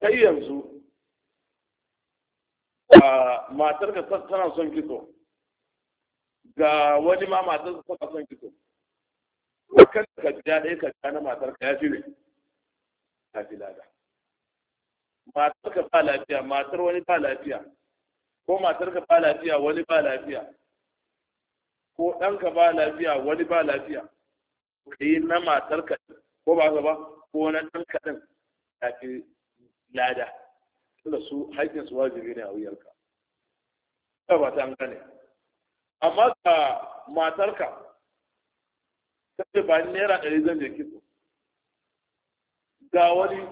kai yanzu matar ka tana son kitso ga wani ma matar ka tana son kitso kan ka ja dai ka ja na matar ka ya fi ne fi lada matar ka ba lafiya matar wani ba lafiya ko matarka ba lafiya wani ba lafiya ko ɗanka ba lafiya wani ba lafiya ka yi na matarka ko ba ka ba ko na ɗanka ɗin ci lada tunda su haƙƙin su wajibi ne a wuyarka ka ba ta gane amma ka matarka ta ce ba naira ɗari zan je kitso ga wani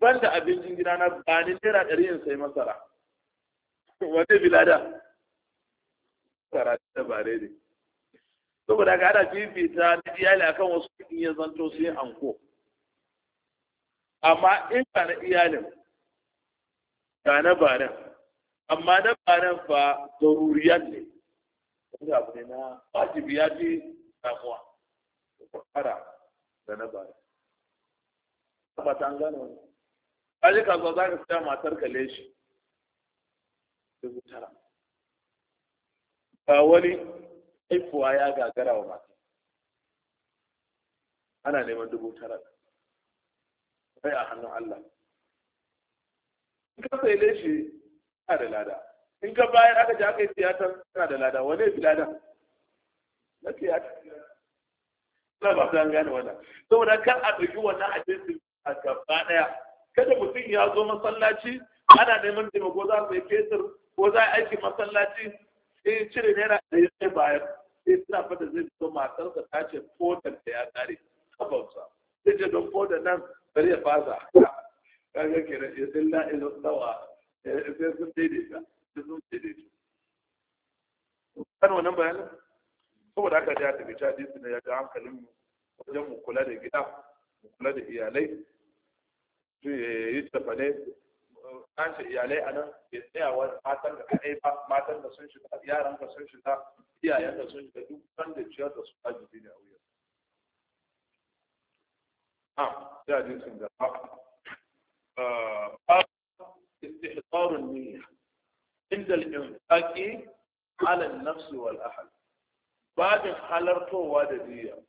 ban da abincin na ba ni naira ɗari yin sai masara wace bilada karatu da bare ne saboda ga ana fifita na iyali akan wasu in ya zanto su yi anko amma in ba na iyalin ga na banan amma na banan fa zaruriyar ne wani abu ne na wajibi ya fi damuwa kara da na banan ba ta an gane wani kaji kasuwa za ka siya matar kale shi dubu tara ba wani haifuwa ya gagara wa mata ana neman dubu tara sai a hannun Allah in ka sai dai shi yana da lada in ka bayar aka ji aka yi tiyatar yana da lada wani ya fi lada na tiyatar na ba ta gane wannan saboda kan a ɗauki wannan hadisi a gaba ɗaya kada mutum ya zo masallaci ana neman taimako za su yi fetur ko za a aiki masallaci in cire naira da ya sai bayar sai suna fata zai zo matarsa ta ce fotar da ya tsare kafansa sai ce don fotar nan bari ya fasa kaga kenan ya sai la'ilun dawa sai sun daidaita sai sun daidaita kan wannan bayanin saboda haka ya tafi ta hadisi ne ya ga hankalin mu wajen mu kula da gida mu kula da iyalai yi tafane kansa iyalai a nan bai tsayawa matan da kaɗai ba matan da sun shiga yaran da sun shiga iyayen da sun shiga duk wanda ciyar da su ajiye ne a wuyan نعم ده حديث ده استحضار النية عند الإنفاق على النفس والأهل بعد حلرته وددية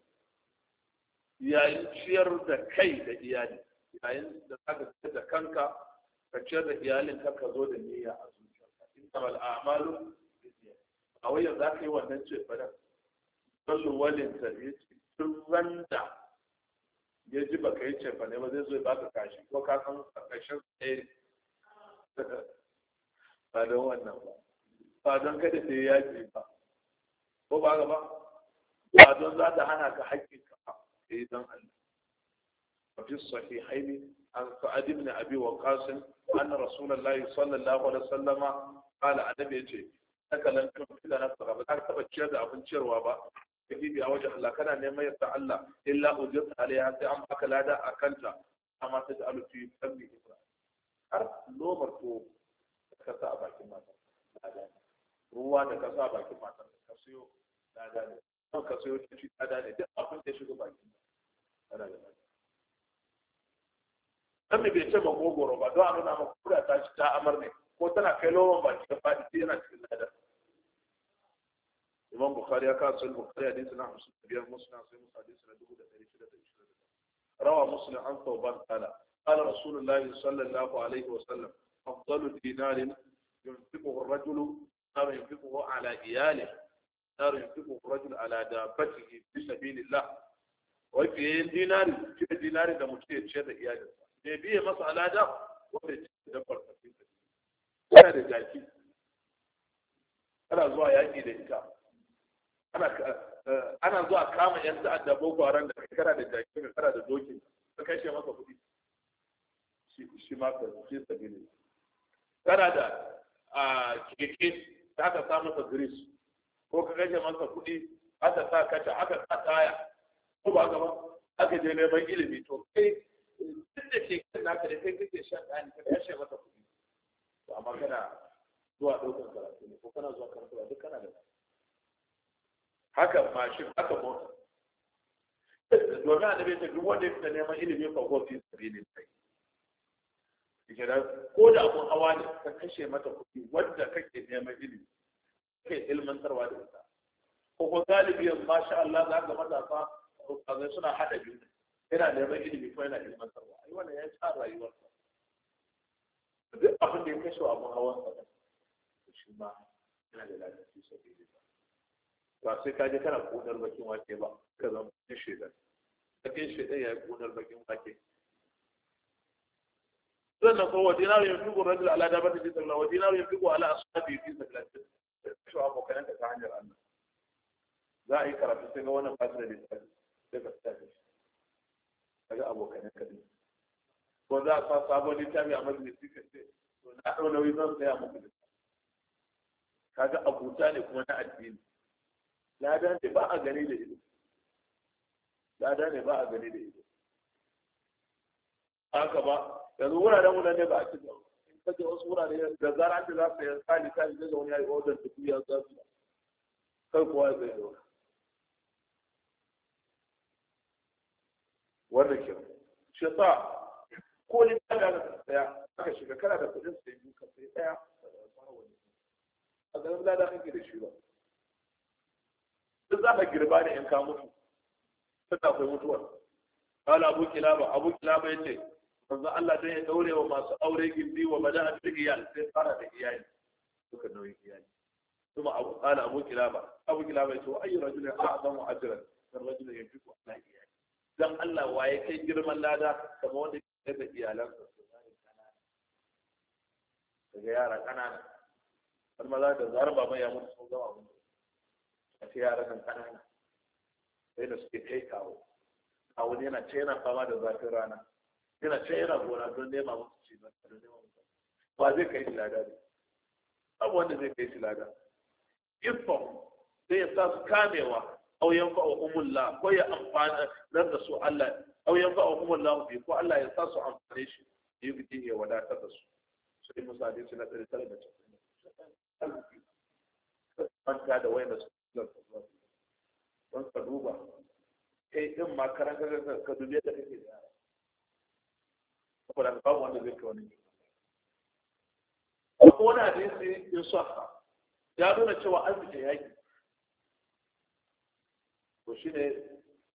yayin ciyar da kai da iyali yayin da aka ce da kanka ka da iyalin ka zo da niyya a zuciyarka in tamal a'malu a wayar za ka yi wannan ce fara sallu walin ta ya ce tun randa ya ji baka yi ce fara ba zai zo ya baka kashi ko ka san karkashin tsaye ba don wannan ba ba don kada sai ya ce ba ko ba gaba ba don za ta hana ka haƙƙinka ba sai eh, don Allah fi sahihaini عن سعد بن أبي وقاص أن رسول الله صلى الله عليه وسلم قال عن نبي haka nan kan fila na fara ba ka taba ciyar da abin ba ka gibi a wajen Allah kana neman yadda Allah illa ujirta alaiha sai an baka lada a kanta amma sai ta alufi kan har a bakin mata lada ruwa da ka sa a bakin mata ka siyo ka siyo ta ci ta ne duk abin da ya shiga bakin lada ne dan me bai ce magogoro ba don a nuna maka kura ta ta amar ne ko tana kai lowan baki ta faɗi sai yana cikin ladar imam bukhari ya ka sun bukhari hadisi na hamsin da biyar musulun sai musa hadisi na dubu da ɗari shida da ishirin rawa musulun an tauban kala قال رسول الله صلى الله عليه وسلم أفضل دينار ينفقه الرجل نار ينفقه على إياله نار ينفقه الرجل على دابته في سبيل الله وفي دينار كل دينار ده مجتهد شر إياله mai biye masa alada wanda ya ce da farfafin kana da jaki ana zuwa yaƙi da ita ana eh, zuwa kama yan ta'adda boko haram da kana da jaki da kana da doki ka kashe masa kuɗi shi ma ka ce sabili kana da keke da aka sa masa gris ko ka kashe masa kuɗi aka sa kaca aka sa taya ko ba gaba aka je neman ilimi to kai duk da shekaru naka da kai kake shan ɗani ka yashe mata kuɗi to amma kana zuwa ɗaukar karatu ne ko kana zuwa karatu duk kana da haka mashin haka mota domin annabi ta duk wanda ya neman ilimi fa ko fi sabilin sai kenan ko da abun hawa ne ka kashe mata kuɗi wanda kake neman ilimi kake ilmantarwa da ita ko ko galibi masha Allah za ka matasa a suna hada biyu yana neman ilimi ko yana neman sarwa ai wannan ya tsara rayuwarsa duk abin da ya kashe wa abin hawan sa shi ma yana da lalaci sabi da ba sai ka je kana konar bakin wake ba ka zama cikin shaidan bakin shaidan ya yi konar bakin wake sannan kuma wajen ya fi gura da ala da bata fi sallah wadina ya fi gura da ashabi fi kashe shi abokan ta hanyar annan, za a yi karatu sai ga wannan fasira da ta sai ka shi. daga abokan ka ne ko za a sa sabon littafi a majalisi ka ce to na ɗau nauyi zan saya muku da kaga abuta ne kuma na addini lada ne ba a gani da ido lada ne ba a gani da ido haka ba yanzu wuraren wunan ne ba a ci ba. in kaje wasu wurare da zara ce za su yi tsali tsali da wani ya yi wajen da ya zafi kai kowa ya zai zauna wanda ke ce ta ko ni ta da tsaya aka shiga kana da kudin sai biyu ka sai tsaya a ganin lada kake da shi ba duk za ka girba ne in ka mutu sai akwai mutuwar kala abu kilaba abu kilaba yace manzo Allah dai ya daure wa masu aure gindi wa madaha iyali sai fara da iyali suka nauyi iyali kuma abu kala abu kilaba abu kilaba yace wa ayyu rajulin a'zamu ajran min rajulin ku ala iyali dan Allah waye kai girman lada kamar wanda ke da iyalansa daga yara ƙanana har maza da zarar baba ya mutu sun zama mun a ce yara kan ƙanana sai da suke kai kawo kawo ne yana ce yana fama da zafin rana yana ce yana gona don nema musu ci don nema musu ba zai kai shi lada ne abu wanda zai kai shi lada sai zai sa su kamewa aw yanfa'uhumullah ko ya amfana dan da su Allah ko Allah ya sa su amfane shi ya bi ya wadatar da su sai Musa dai suna tsare tsare da cikin banka da wayanda su don ka duba kai din ma karan da ka dubi da kake da da babu wanda zai wani ko wani ya nuna cewa arziki yaki to shi ne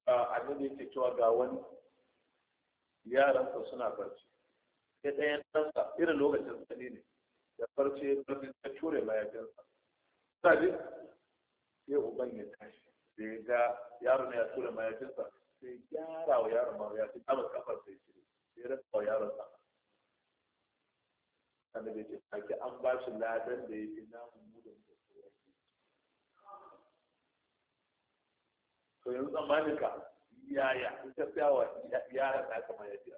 annabi yake cewa ga wani yaransa suna barci sai ɗayan ɗansa irin lokacin sani ne da farce barci ta cure mayafinsa sabi sai uban ya tashi da ya ga yaron ya cure mayafinsa sai gyara wa yaron ma ya fi kama kafar sai shi sai rasa wa yaron sa annabi ce kake an ba shi ladan da ya fi namun mu da to yanzu tsammanin ka yaya in ka siya wa yaran na kamar yadda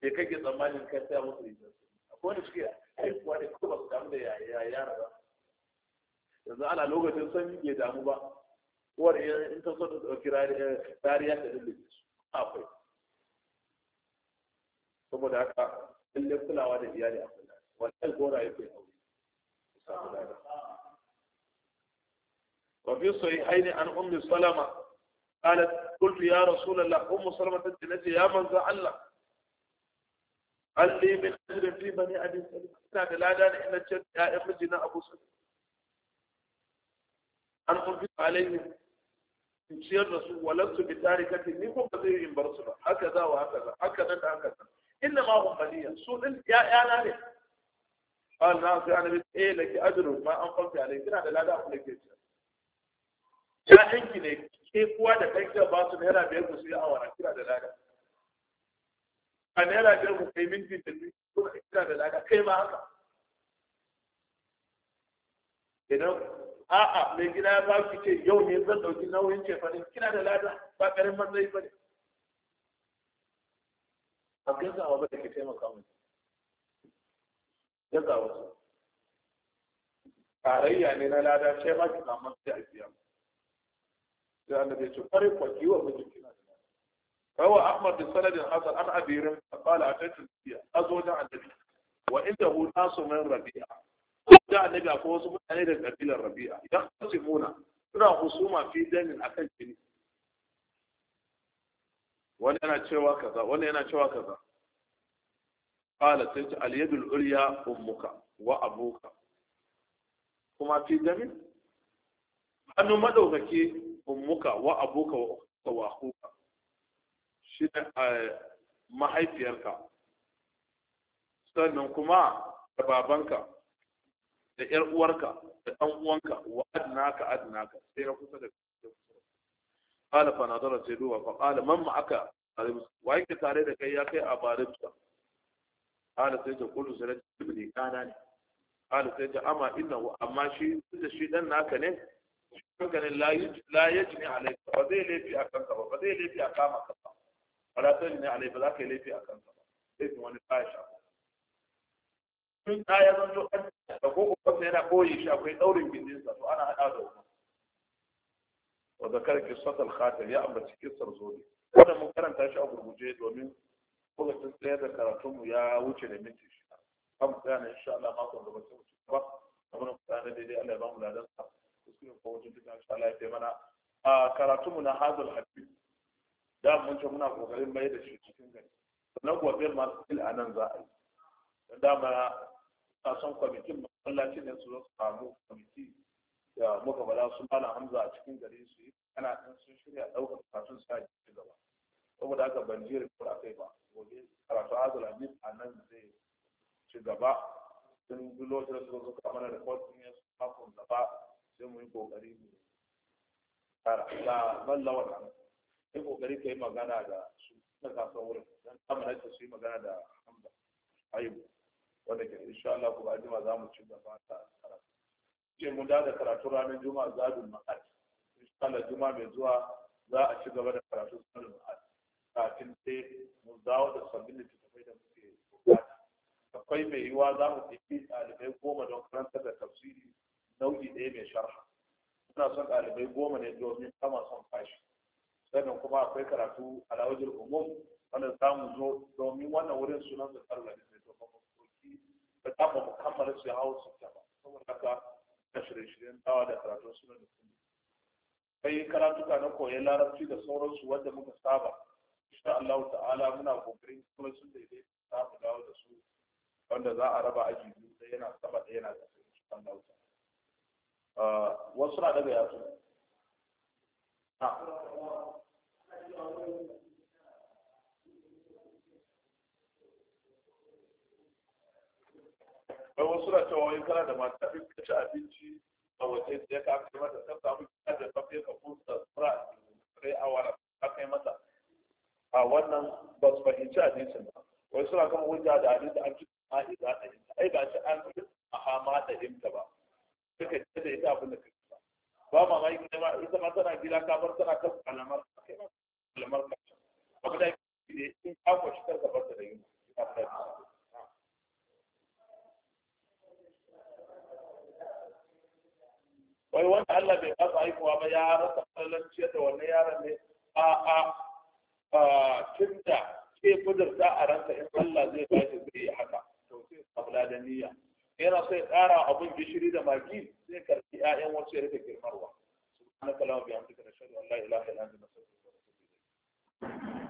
sai kake tsammanin ka siya musu rigar akwai wanda suke haihuwa ne kuma su damu da yara ba yanzu ana lokacin son bai damu ba uwar in ta so ta ɗauki eh, rariya da lullube su akwai saboda haka lallai kulawa da iyali a kula wannan gora kai aure وفي الصحيحين عن أم سلمة قالت قلت يا رسول الله أم سلمة التي يا من زعل قال لي من أجر في بني أبي سلمة كتاب لا دان إلا الجد يا إمجنا أبو سلمة أن أنفق عليهم تشير رسول ولست بتاركة منكم كثير إن برسلة هكذا وهكذا هكذا هكذا إنما هم بنية سوء يا يا ناري قال نعم يعني إيه لك أجر ما أنفقت عليه كنا لا دان لك الجد ya'yanki ne ke kuwa da kai ka ba su naira biyar ku sai awara kira da daga. a naira biyar ku kai minti da kuma kira da daga kai ma haka idan a'a mai gida ya ba ki ce yau ne zan ɗauki nauyin ce fa kina da lada ba karin manzai ba ne a gaggawa ba da ke taimaka mu gaggawa tarayya ne na lada sai ma ki samu sai a biya mu sai annabi ya ce kware an wa mijinki روى أحمد بسند حسن عن أبي قال أتيت النبي أزوج عن النبي وعنده ناس من ربيعة جاء النبي أقوى سمع عليه الأبيل الربيعة يختصمون suna husuma fi damin akan jini wani yana cewa kaza wani yana cewa kaza qala sai al-yadul ulya ummuka wa abuka kuma fi damin hannu madaukake ummuka wa abuka wa akuka shi ne mahaifiyarka sannan kuma da babanka da ƴar uwarka da ɗan uwanka wa adnaka adnaka sai na kusa da قال فنظر سيدوها فقال من معك وأيك تاري لك يا أخي أباربك قال سيدة قل سيدة ابني كان قال سيدة أما إنه أما da shi dan naka ne. ganin la yajni alayka ba zai laifi a kanka ba ba zai laifi a kama ka ba wala tajni alayka ba za yi laifi a kanka ba laifin wani ba shi tun da ya zanto da ko ko yana koyi shi akwai daurin bindin to ana hada da wannan wa zakar qissat al ya amma cikin sarzobi wannan mun karanta shi a gurguje domin kuma tun da karatun mu ya wuce da minti shi kan tsaya ne insha makon da ba sai mu ci da daidai Allah ya mu tafsirin ko wajen duka insha Allah ya fi mana a karatu mu na hadal hadith da mun ce muna kokarin mai da shi cikin gari sannan gobe ma sil anan za a yi dan dama a san kwamitin masallaci ne su zo samu kwamiti da muka bala su mana hamza a cikin gari su yi ana ɗan sun shirya ɗaukar karatun sa ci gaba saboda haka ban je report a kai ba gobe karatu hadal a nan zai ci gaba sun bi lokacin da suka mana report ne su makon gaba sai mu yi kokari mu kara ba balla wannan sai kokari kai magana da su na kasuwar wurin dan kamar ta su yi magana da Hamza Ayubu wanda ke insha Allah ku ba za mu ci gaba ta karatu ce mun da karatu ranar Juma'a zadul ma'ad insha Allah Juma'a mai zuwa za a ci gaba da karatu zadul ma'ad kafin sai mu dawo da sabbin littattafai da muke bukata akwai mai yiwuwa za mu tafi ɗalibai goma don karantar da tafsiri nau'i ɗaya mai sharha suna son ɗalibai goma ne domin kama son fashi sannan kuma akwai karatu alawajin umum wanda za mu zo domin wannan wurin sunan da tsarla ne mai domin musulki da za mu kammala su hau su kyama saboda haka da shirye-shiryen dawa da karatun sunan da kai karatu karatuka na koyon larabci da sauransu wanda muka saba insha allahu ta'ala muna kokarin kuma sun daidai za mu dawo da su wanda za a raba aji biyu da yana saba da yana da insha Allah ta'ala Eh, wasu na daga yatsu kai wasu na cewa wani kana da mata fi ka abinci a waje da ya ka kai mata ka samu kina da kafin ka kusa fura kai a wara aka yi mata a wannan ba su fahimci hadisin ba wai suna kama hujja da hadisi an ci a iza da ita ai ba shi an ci a hama da imta ba kaka ce da ita abin da kake ba ba ma ma ita ma ita ma tana gida ka bar tana kan kalamar kai ma kalamar ka abu da ke in ka kwashi kar ka bar ta da yin wai wanda Allah bai ba su haihuwa ba ya rasa kalanciyar da wannan yaron ne a a a tunda ke kudurta a ranta in Allah zai ba shi zai yi haka to sai kabla da niyya yana so ya ƙara abin gishiri da magi sai karfi 'ya'yan wasu ya rika girmarwa subhanaka allahumma bihamdika nashhadu an la ilaha illa anta nastaghfiruka wa natubu ilayk